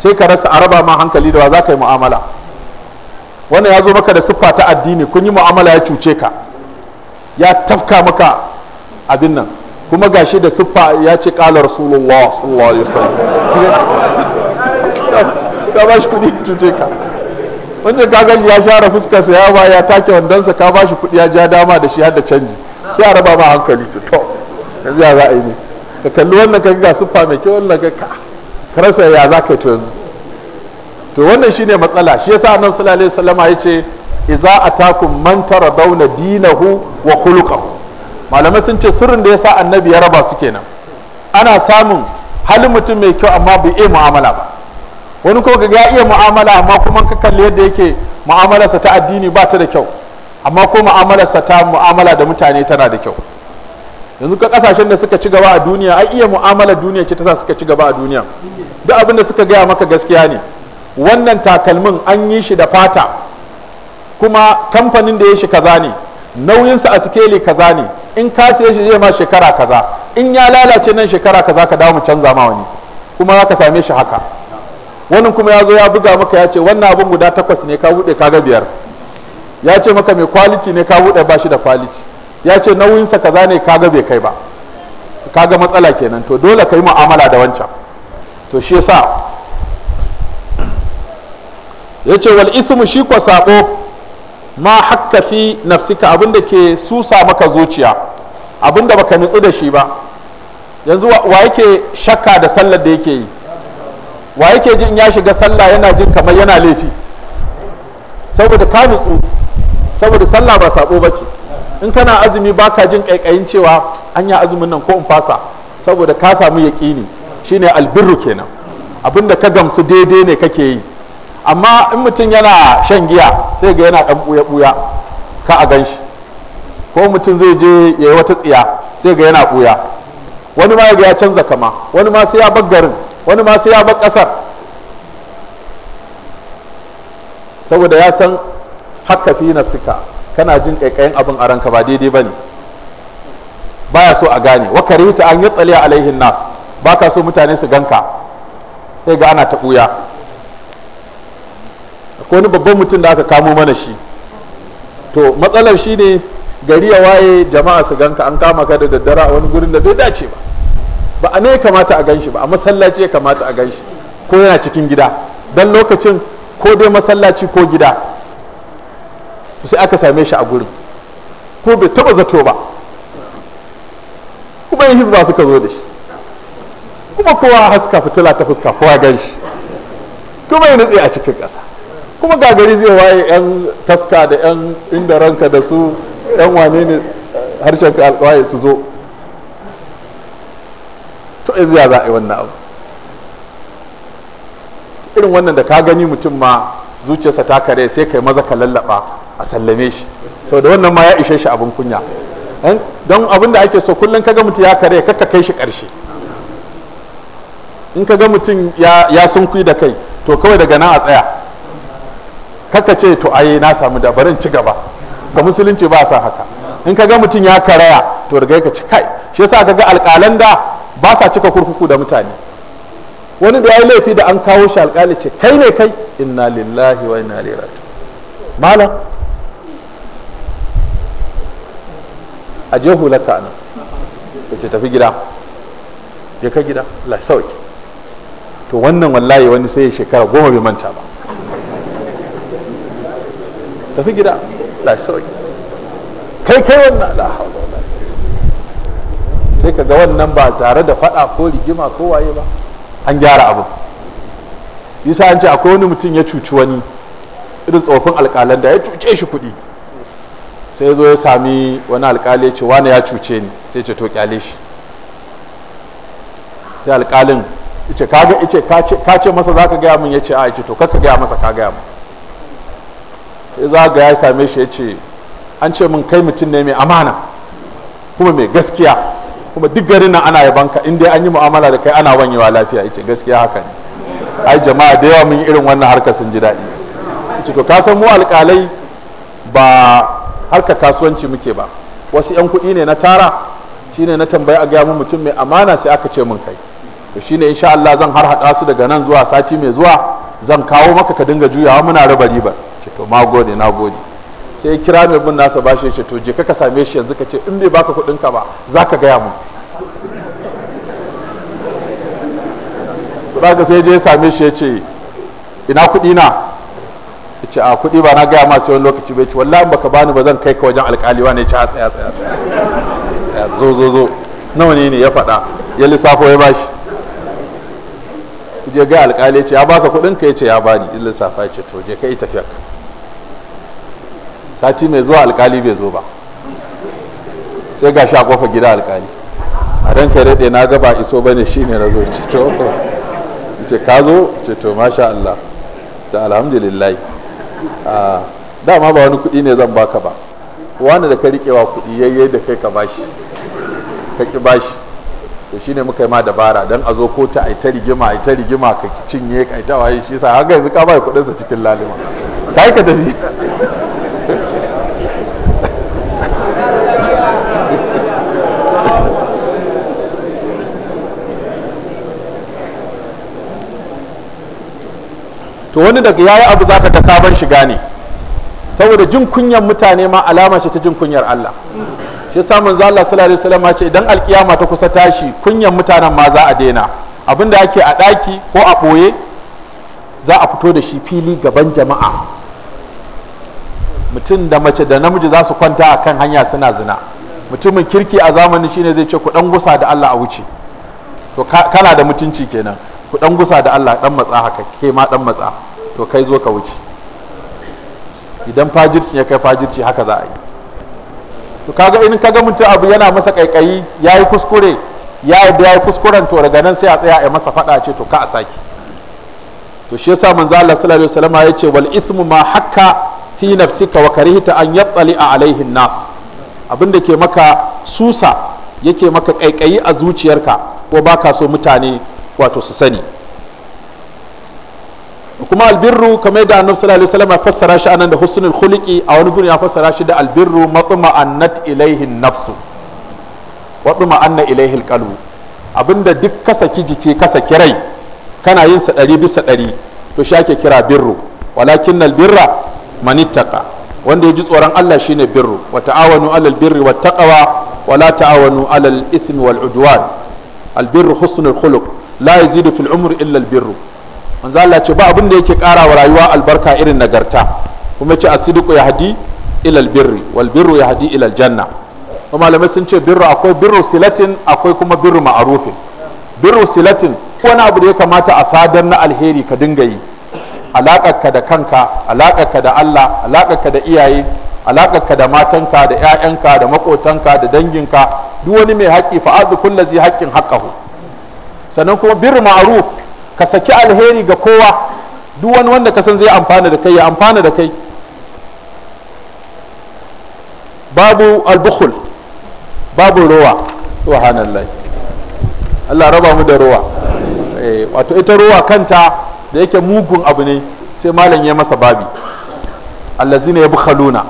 sai ka rasa a raba ma hankali da wa za ka yi mu'amala wannan ya zo maka da siffa ta addini kun yi mu'amala ya cuce ka ya tafka maka abin nan kuma gashi da siffa ya ce kala rasulullah sallallahu alaihi wasallam ka ba shi kudi cuce ka wanda ka gani ya share fuskar sa ya ba ya take wandonsa ka bashi kuɗi ya ja dama da shi har da canji a raba ma hankali to to yanzu ya za a yi ne ka kalli wannan ka ga siffa mai kyau wannan ka ka rasa ya za ka yi to yanzu to wannan shine matsala shi yasa annabi sallallahu alaihi wasallam ya ce idza atakum man taradawna dinahu wa khuluquhu malamai sun ce sirrin da yasa annabi ya raba su kenan ana samun halin mutum mai kyau amma bai iya mu'amala ba wani ko ga ya iya mu'amala amma kuma ka kalli yadda yake mu'amalarsa ta addini ba ta da kyau amma ko mu'amalarsa ta mu'amala da mutane tana da kyau yanzu ka kasashen da suka ci gaba a duniya ai iya mu'amala duniya ce ta sa suka ci gaba a duniya duk abin da suka gaya maka gaskiya ne wannan takalmin an yi shi da fata kuma kamfanin da ya shi kaza ne nauyinsa a sikeli kaza ne in ka siye shi zai ma shekara kaza in ya lalace nan shekara kaza ka dawo mu canza ma wani kuma za ka same shi haka wani kuma ya zo ya buga maka ya ce wannan abin guda takwas ne ka buɗe kaga biyar ya ce maka mai kwaliti ne ka buɗe ba da kwaliti ya ce nauyinsa kaza ne kaga bai kai ba kaga matsala kenan to dole ka yi mu'amala da wancan to shi yasa ya ce wal ismu shi kwa ma hakka fi nafsika abinda ke susa maka zuciya abinda baka nutsu da shi ba yanzu wa yake shakka da sallar da yake yi wa yake jin ya shiga sallah yana jin kamar yana laifi saboda ka nutsu saboda sallah ba sabo bace in kana azumi baka jin kaikayin cewa anya azumin nan ko in fasa saboda ka samu yaqini shine albirru kenan abinda ka gamsu daidai ne kake yi amma in mutum yana shan giya sai ga yana ɗan buya buya ka a shi ko mutum zai je yayi wata tsiya sai ga yana buya wani ma ya canza kama wani ma sai ya bar garin wani ma sai ya bar kasar saboda ya san haka fi suka kana jin kaikayen abin a ranka ba daidai ba bane baya so a gane wa karihta an yi a alaihin nas ba ka so mutane su ganka sai ga ana ta buya ko wani babban mutum da aka kamo mana shi to matsalar shi ne gari ya waye jama'a su ganka an kama ka da daddara a wani gurin da bai dace ba ba a ne ya kamata a ganshi ba a masallaci ya kamata a ganshi ko yana cikin gida don lokacin ko dai masallaci ko gida sai aka same shi a gurin ko bai taba zato ba kuma yin hizba suka zo da shi kuma kowa haska fitila ta fuska kowa gan shi kuma ya nutse a cikin ƙasa kuma gagari zai waye 'yan taska da 'yan inda ranka da su 'yan wane ne harshen alƙawaye su zo to yanzu ya za a yi wannan abu irin wannan da ka gani mutum ma zuciyarsa ta kare sai kai maza ka lallaba a sallame shi sau da wannan ma ya ishe shi abin kunya don abin da ake so kullum ka ga mutum ya kare kakka kai shi karshe in ka ga mutum ya sunkui da kai to kawai daga nan a tsaya kakka ce to aye na samu dabarin ci gaba ga musulunci ba sa haka in ka ga mutum ya karaya to daga ka ci kai shi yasa ga alƙalan da ba sa cika kurkuku da mutane wani da ya yi laifi da an kawo shi alƙali ce kai ne kai inna lillahi wa inna ilaihi malam a je hularka nan da ke tafi gida je ka gida la sauki to wannan wallahi wani sai ya shekara goma bai manta ba tafi gida la sauki kai kai wannan la haula sai ka ga wannan ba tare da faɗa ko rigima ko waye ba an gyara abu yasa an ce akwai wani mutum ya cuci wani irin tsofin alƙalan da ya cuce shi kuɗi sai zo ya sami wani alƙali ya ce wani ya cuce ni sai ce to kyale shi sai alƙalin ice kaga ce ka ce masa za ka gaya min ya ce a ce to kaka gaya masa ka gaya min sai za ga ya same shi ya ce an ce min kai mutum ne mai amana kuma mai gaskiya kuma duk garin nan ana yabanka ka inda an yi mu'amala da kai ana wanyewa lafiya ice gaskiya haka ne ai jama'a da yawa mun yi irin wannan harka sun ji daɗi ce to ka san mu alƙalai ba harka kasuwanci muke ba wasu yan kuɗi ne na tara shine na tambaya a gaya mun mutum mai amana sai aka ce mun kai to shine insha Allah zan har haɗa su daga nan zuwa sati mai zuwa zan kawo maka ka dinga juyawa muna raba riba ce to magode nagode sai ya kira mai bin nasa ba shi to je ka same shi yanzu ka ce in bai baka kudin ka ba za ka gaya mu ka sai je ya same shi ya ce ina kuɗi na ya ce a kuɗi ba na gaya ma sai wani lokaci bai ce wallahi baka bani ba zan kai ka wajen alƙali wa ne ya ce a tsaya tsaya zo zo zo nawa ne ne ya faɗa ya lissafo ya bashi je ga alkali ya ce ya baka kudin ka ya ce ya bani in lissafa ya ce to je ka yi tafiya. sati mai zuwa alkali bai zo ba sai ga sha kofa gida alkali a kai daɗe na gaba iso bane shine na zo to ce ka zo to masha Allah da alhamdulillah dama ba wani kuɗi ne zan baka ba wani da ka riƙewa kuɗi yayye da kai ka bashi ka ki bashi to shine muka yi ma dabara dan a zo ko ta yi ta rigima a yi ta rigima ka cinye ka yi ta waye shi yasa har yanzu ka bai kuɗin cikin lalima kai ka tafi to wani daga yayi abu zaka ga sabon shiga ne saboda jin kunyar mutane ma alama ce ta jin kunyar Allah shi yasa manzo Allah sallallahu alaihi wasallam ce idan alkiyama ta kusa tashi kunyan mutanen ma za a daina abinda ake a daki ko a boye za a fito da shi fili gaban jama'a mutum da mace da namiji za su kwanta a kan hanya suna zina mutumin kirki a zamani shine zai ce ku dan gusa da Allah a wuce to kana da mutunci kenan ku dan gusa da Allah dan matsa haka ke ma dan matsa to kai zo ka wuce idan fajirci ya kai fajirci haka za a yi to kaga in kaga mutum abu yana masa kaikayi yayi kuskure ya yi yayi kuskuren to daga nan sai a tsaya a masa fada ce to ka a saki to shi yasa manzo Allah sallallahu alaihi wasallam ya ce wal ismu ma hakka fi nafsika wa karihta an yattali alaihi nas abinda ke maka susa yake maka kaikayi a zuciyarka ko baka so mutane wato su sani kuma albirru kamar yadda annabi sallallahu alaihi wasallam ya fassara shi anan da husnul khuluqi a wani gurin ya fassara shi da albirru matuma annat ilaihin nafsu wa tuma anna ilaihi alqalbu abinda duk kasaki jiki kasaki rai kana yin sa ɗari bisa ɗari to shi ake kira birru walakin albirra man ittaqa wanda ya ji tsoron Allah shine birru wa ta'awanu alal birri wat taqwa wa la ta'awanu alal ithmi wal udwan albirru husnul khuluq la yazidu fil umr illa albirru manzo Allah ce ba abin da yake kara wa rayuwa albarka irin nagarta kuma ce asidiku yahdi ila albirri wal birru yahdi ila aljanna kuma malamai sun ce birru akwai birru silatin akwai kuma birru ma'arufin birru silatin wani abu da ya kamata a sadar na alheri ka dinga yi alaƙarka da kanka alaƙarka da Allah alaƙarka da iyaye alaƙarka da matanka da 'ya'yanka da maƙotanka da danginka duk wani mai haƙƙi fa azu zai haƙƙin haqqahu sannan kuma bir ma'ruf ka saki alheri ga kowa duk wani wanda ka san zai amfana da kai ya amfana da kai babu albukhul babu ruwa subhanallahi Allah raba mu da ruwa eh, wato ita ruwa kanta da yake mugun abu ne sai malam ya masa babi allazina yabkhaluna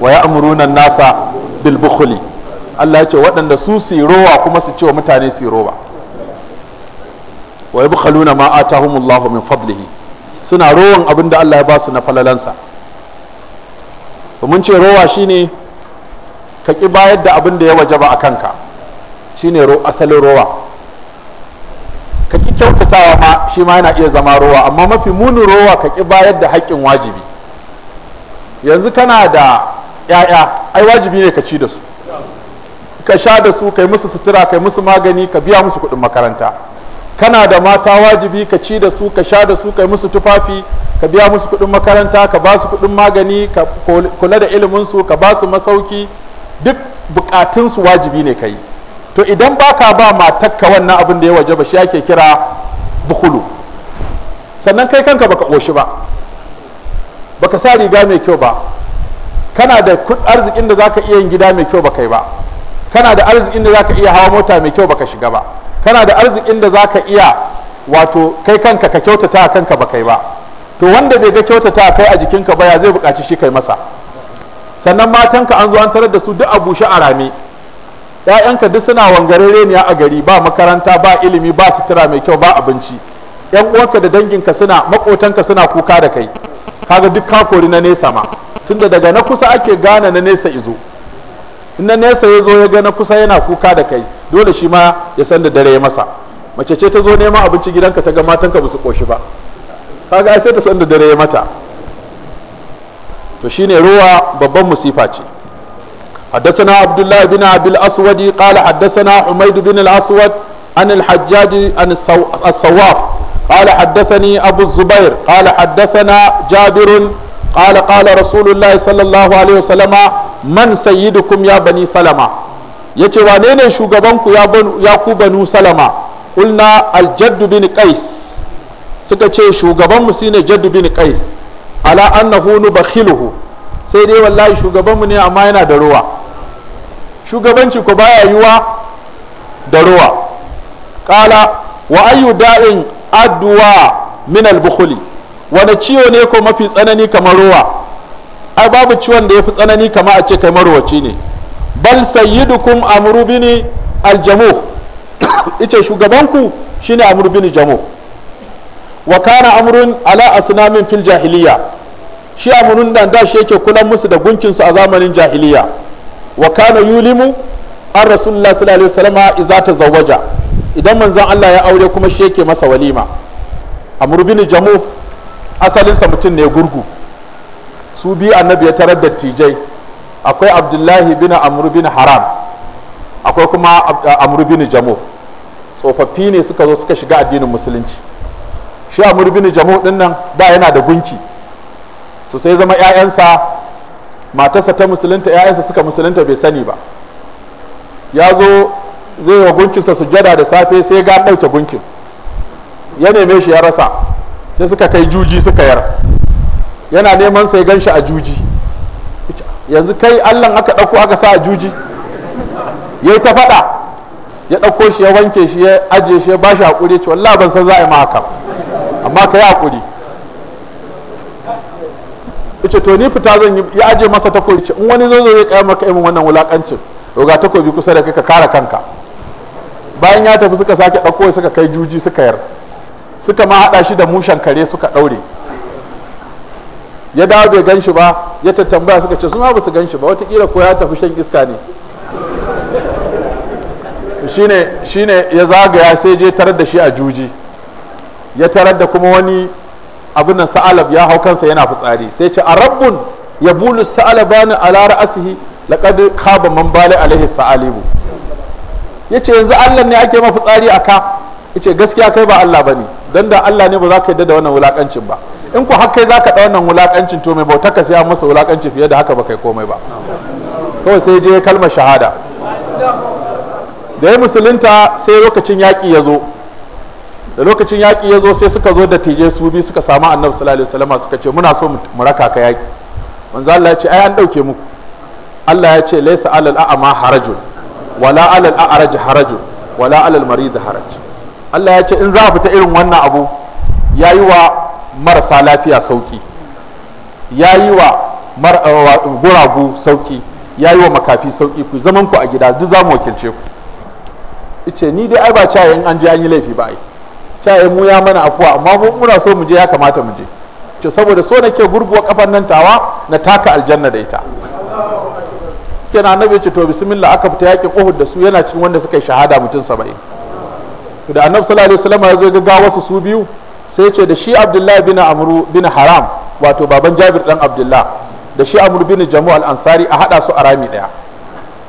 wa ya'muruna an-nasa bil bukhli Allah ya ce waɗanda su su rowa kuma su ce wa mutane su rowa wa yabkhaluna ma atahumullahu min fadlihi suna rowan abin da Allah ya ba su na falalansa mun ce rowa shine ka ƙi bayar da abin da ya waje ba a kanka shine asalin rowa ka ƙi kyautatawa ma shi ma yana iya zama rowa amma mafi munin rowa ka ƙi bayar da haƙƙin wajibi yanzu kana da 'ya'ya ai wajibi ne ka ci da su ka sha da su kai musu sutura kai musu magani ka biya musu kuɗin makaranta kana da mata wajibi ka ci da su ka sha da su kai musu tufafi ka biya musu kuɗin makaranta ka ba su kuɗin magani ka kula da ilimin su ka ba su masauki duk bukatun su wajibi ne kai to idan baka ba matakka wannan abin da ya waje ba shi ake kira bukulu sannan kai kanka baka koshi ba baka sa riga mai kyau ba kana da arzikin da zaka iya yin gida mai kyau ba kai ba kana da arzikin da zaka iya hawa mota mai kyau baka shiga ba kana da arzikin da zaka iya wato kai kanka ka kyautata kanka ba kai ba to wanda bai ga kyautata kai a jikinka ba ya zai buƙaci shi kai masa sannan matanka an zo an tarar da su duk a bushe a rame ‘ya'yanka duk suna wangarereniya a gari ba makaranta ba ilimi ba sutura mai kyau ba abinci ‘yan uwanka da danginka suna makotanka suna kuka da kai kaga duk kakori na nesa ma tunda daga na kusa ake gane na nesa izo in na nesa ya zo ya ga kusa yana kuka da kai dole shi ma ya san da dare ya masa mace ce ta zo neman abinci gidanka ta ga matanka ba su koshi ba kaga ai sai ta san da dare ya mata to shine ruwa babban musifa ce حدثنا عبد الله بن عبد الأسود قال حدثنا حميد بن الأسود عن الحجاج عن an قال حدثني أبو الزبير قال حدثنا جابر قال قال رسول الله صلى الله عليه وسلم man sayyidukum ya bani salama ya ce wane ne shugabanku ya ku banu salama ulna aljaddu bin qais suka ce shugabanmu mu shine jaddu bin qais ala annahu nubakhiluhu sai dai wallahi shugaban mu ne amma yana da ruwa shugabanci ku baya yiwa da ruwa qala wa ayu da'in adwa min al-bukhli wani ciwo ne ko mafi tsanani kamar ruwa ai babu ciwon da ya fi tsanani kama a ce kai marwaci ne bal sayyidukum amru bini aljamu. ice shugabanku shine amru bini jamu wa kana amrun ala asnamin fil jahiliya shi amrun dan da shi yake kulan musu da gunkin su a zamanin jahiliya wa kana yulimu an rasulullah sallallahu alaihi wasallam idza tazawwaja idan manzon Allah ya aure kuma shi yake masa walima amru bini asalin asalinsa mutum ne gurgu su biyu annabi ya tarar dattijai akwai abdullahi bin amru bin haram akwai kuma amru bin jamo tsofaffi ne suka zo suka shiga addinin musulunci shi amru bin jamo din nan da yana da gunki to sai zama 'ya'yansa matarsa ta musulunta 'ya'yansa suka musulunta bai sani ba ya zo zai wa gunkinsa sujada da safe sai ga ɗauke gunkin ya neme shi ya rasa sai suka kai juji suka yar yana neman sai gan shi a juji yanzu kai allan aka ɗauko aka sa a juji ya yi ta faɗa ya ɗauko shi ya wanke shi ya ajiye shi ya ba shi haƙuri ce wallah ban san za a yi ma amma ka yi haƙuri ce to ni fita zan yi ya aje masa takobi ce in wani zo zai kaya maka imin wannan wulakancin to ga takobi kusa da kai ka kare kanka bayan ya tafi suka sake ɗauko suka kai juji suka yar suka ma haɗa shi da mushen kare suka ɗaure ya dawo bai gan shi ba ya tattambaya suka ce suna ba su gan shi ba watakila ko ya tafi shan iska ne shine shine ya zagaya sai je tarar da shi a juji ya tarar da kuma wani abin nan sa'alab ya hau kansa yana fitsari sai ce a rabbun ya bulu sa'alabani ala ra'asihi laqad khaba man bali alaihi sa'alibu yace yanzu Allah ne ake mafitsari a ka yace gaskiya kai ba Allah ne don da Allah ne ba za ka yadda da wannan wulakancin ba in ku haka za ka ɗau wannan wulaƙancin to mai bautar ka sai an masa wulaƙanci fiye da haka ba kai komai ba kawai sai je kalmar shahada da ya musulunta sai lokacin yaƙi ya zo da lokacin yaƙi ya zo sai suka zo da tije su bi suka samu annabi sallallahu alaihi wasallam suka ce muna so mu raka ka yaƙi manzo Allah ya ce ai an ɗauke muku Allah ya ce laysa alal a'ma harajun wala alal a'raj harajun wala alal marid haraj Allah ya ce in za a fita irin wannan abu yayi wa marasa lafiya sauki ya yi eh, wa guragu sauki ya yi wa makafi sauki ku zaman ku a gida duk za mu wakilce ku ice ni dai ai ba caye an je an yi laifi ba ai mu ya mana afuwa amma mu muna so mu je ya kamata mu je ce saboda so nake gurguwa kafan nan tawa na taka aljanna da ita kina annabi ce to bismillah aka fita yakin Uhud da su yana cikin wanda suka yi shahada mutum 70 da annabi sallallahu alaihi wasallam ya zo ga wasu su biyu sai ce da shi abdullahi bin amru bin haram wato baban jabir dan abdullah da shi amru bin jamu al ansari a hada su a rami daya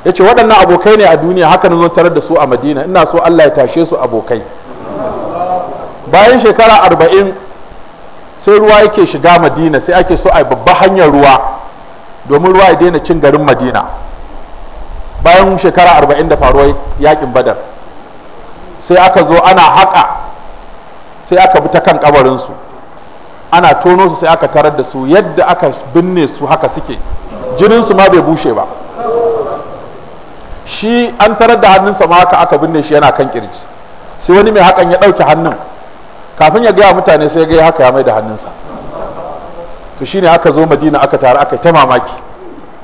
yace waɗannan abokai ne a duniya haka nan tarar da su a madina ina so allah ya tashe su abokai bayan shekara arba'in sai ruwa yake shiga madina sai ake so a yi babba hanyar ruwa domin ruwa ya daina cin garin madina bayan shekara arba'in da faruwa yakin badar sai aka zo ana haƙa sai aka bi ta kan kabarinsu ana tono su sai aka tarar da su yadda aka binne su haka suke jininsu ma bai bushe ba shi an tarar da hannunsa ma haka aka binne shi yana kan kirji sai wani mai hakan ya ɗauki hannun kafin ya gaya mutane sai ya gaya haka ya mai da hannunsa to shine aka zo madina aka taru aka ta mamaki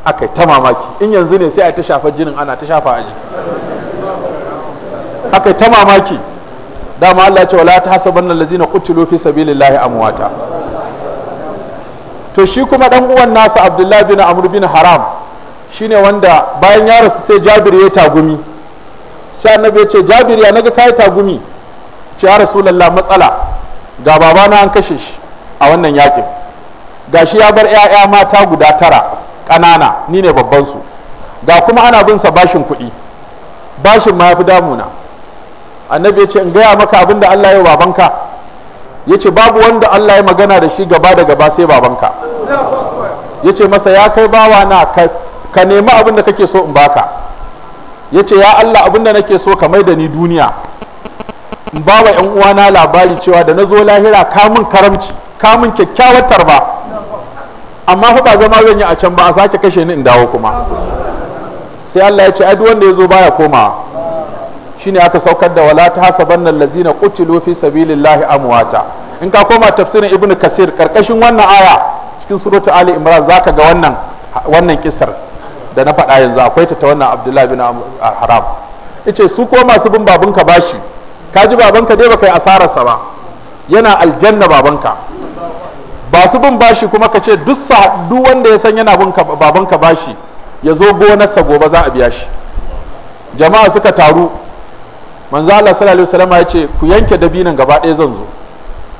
aka ta mamaki in yanzu ne sai a ta shafa jinin ana ta shafa aji aka yi ta mamaki dama Allah ce wala nan lazina kutulu fi sabilillahi amwata to shi kuma dan uwan nasa Abdullahi bin Amr bin Haram ne wanda bayan ya rasu sai Jabir ya tagumi sai annabi ya ce Jabir ya naga kai tagumi ce ya rasulullah matsala ga babana an kashe shi a wannan yakin shi ya bar 'ya'ya mata guda tara ƙanana ni ne babban su ga kuma ana bin sa bashin kuɗi bashin ma ya fi damuna annabi ya ce in gaya maka abin da Allah ya babanka ya ce babu wanda Allah ya magana da shi gaba da gaba sai babanka ya ce masa ya kai bawa na ka nemi abin da kake so in baka ya ce ya Allah abin da nake so ka mai da ni duniya in bawa 'yan uwana labari cewa da na zo lahira kamun karamci kamun kyakkyawar tarba amma fa ba zama zan yi a can ba a sake kashe ni in dawo kuma sai Allah ya ce ai duk wanda ya zo baya komawa shine aka saukar da wala ta hasabanna lazina qutilu fi sabilillahi amwata in ka koma tafsirin ibnu kasir karkashin wannan aya cikin suratu ali imran zaka ga wannan kisar da na faɗa yanzu akwai ta ta wannan abdullahi bin haram yace su ko masu bin babanka bashi ka ji babanka dai baka yi asararsa ba yana aljanna babanka ba su bin bashi kuma ka ce duk duk wanda ya san yana bin babanka bashi ya zo gonarsa gobe za a biya shi jama'a suka taru manzo Allah sallallahu alaihi wasallam ya ce ku yanke dabinan gaba ɗaya zan zo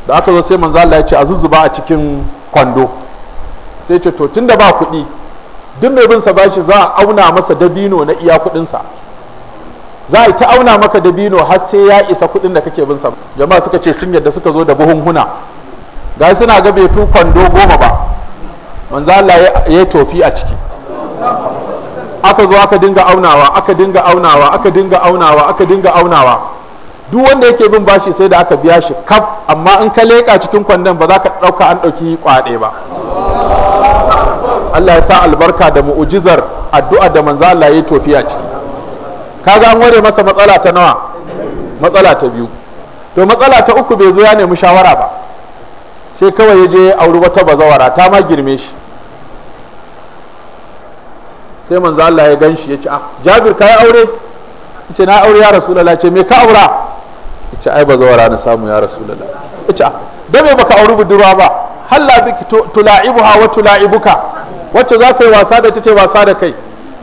da aka zo sai manzo Allah ya ce a zuzzuba a cikin kwando sai ce to tunda ba kuɗi duk mai bin sa bashi za a auna masa dabino na iya kuɗin sa za a ta auna maka dabino har sai ya isa kuɗin da kake bin sa jama'a suka ce sun yadda suka zo da buhunhuna ga suna ga bai fi kwando goma ba manzo Allah ya tofi a ciki aka zo aka dinga aunawa aka dinga aunawa aka dinga aunawa aka dinga aunawa duk wanda yake bin bashi sai da aka biya shi kaf amma in ka leka cikin kwandon ba za ka ɗauka an ɗauki kwaɗe ba Allah ya sa albarka da mu'ujizar addu'a da manzo Allah ya tofiya ciki kaga an ware masa matsala ta nawa matsala ta biyu to matsala ta uku bai zo ya nemi shawara ba sai kawai ya je auri wata bazawara ta ma girme shi sai manzo Allah ya ganshi ya ce ah Jabir kai aure yace na aure ya Rasulullah ce me ka aura yace ai bazawara na samu ya Rasulullah yace ah dan me baka auri budurwa ba halla biki tula'ibuha wa tula'ibuka wacce za ka yi wasa da ta ce wasa da kai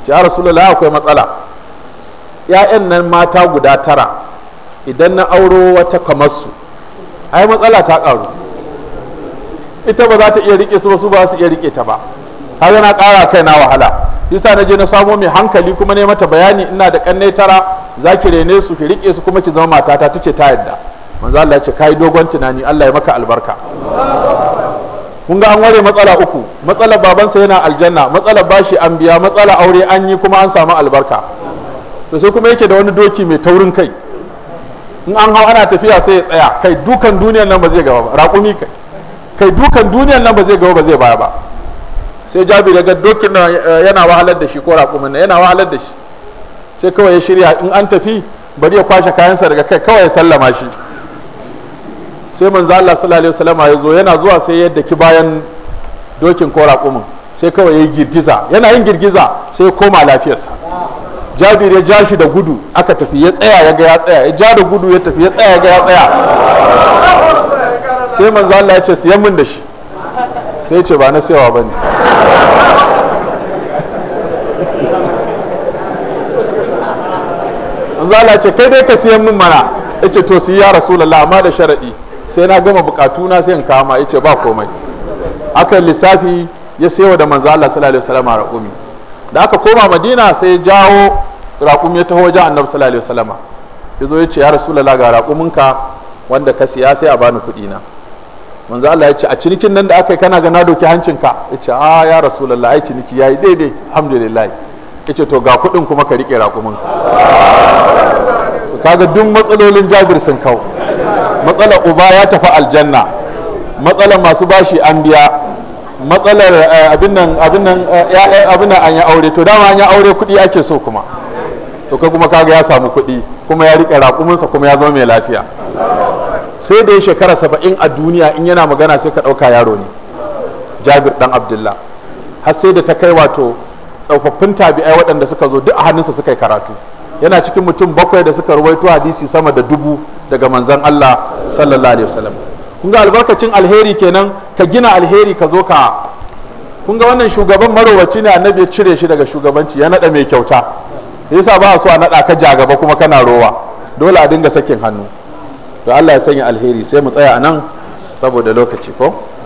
ce ya Rasulullah akwai matsala ya'yan nan mata guda tara idan na auro wata kamar su ai matsala ta karu ita ba za ta iya rike su ba su ba su iya rike ta ba har yana kara kai na wahala yasa na je na samo mai hankali kuma ne mata bayani ina da kannai tara za ki rene su ki rike su kuma ki zama matata tace ta yadda manzo Allah ya ce kai dogon tunani Allah ya maka albarka kun ga an ware matsala uku matsalar babansa yana aljanna matsalar bashi an biya matsalar aure an yi kuma an samu albarka to sai kuma yake da wani doki mai taurin kai in an hau ana tafiya sai ya tsaya kai dukan duniyar nan ba zai gaba ba raƙumi kai kai dukan duniyar nan ba zai gaba ba zai baya ba sai jabi daga dokin nan eh, yana wahalar da shi ko raƙumin nan yana wahalar da shi sai kawai ya shirya in an tafi bari ya kwashe kayansa daga kai kawai ya sallama shi sai manzo Allah sallallahu alaihi wasallam ya zo yana zuwa sai ya daki bayan dokin ko raƙumin sai kawai ya girgiza yana yin girgiza sai ya koma lafiyarsa jabir ya ja shi da gudu aka tafi ya tsaya ya ga ya tsaya ya ja da gudu ya tafi ya tsaya ya ga ya tsaya sai manzo Allah ya ce siyan min da shi sai ce ba na sayawa bane manzala ce kai dai ka siyan min mana yace to si ya rasulullah amma da sharaɗi sai na gama bukatu na sai in kama yace ba komai akan lissafi ya sayo da manzo Allah sallallahu alaihi wasallam raƙumi da aka koma Madina sai ya jawo raƙumi ya taho wajen Annabi sallallahu alaihi wasallam yazo ya ce ya rasulullah ga ka wanda ka siya sai a bani kuɗi na manzo Allah ya a cinikin nan da aka yi kana ga na doki hancin ka ce a ah, ya rasulullah ai ciniki yayi daidai alhamdulillah yace to ga kuɗin kuma ka riƙe raƙumin kaga duk matsalolin jabir sun kau matsalar uba ya tafi aljanna matsalar masu bashi an biya matsalar eh, eh, abin nan an ya aure to dama an ya aure kuɗi ake so kuma to kai kuma kaga ya samu kuɗi kuma ya riƙe sa kuma ya zama mai lafiya sai da ya shekara saba'in a duniya in yana magana sai ka ɗauka yaro ne jabir ɗan abdullah har sai da ta kai wato tsofaffin tabi'ai waɗanda suka zo duk a hannunsa suka yi karatu yana cikin mutum bakwai da suka rawaito hadisi sama da dubu daga manzon Allah sallallahu alaihi wasallam kun ga albarkacin alheri kenan ka gina alheri ka zo ka kun ga wannan shugaban marowaci ne annabi ya cire shi daga shugabanci ya nada mai kyauta yasa ba so a nada ka jagaba kuma kana rowa dole a dinga sakin hannu to Allah ya sanya alheri sai mu tsaya anan saboda lokaci ko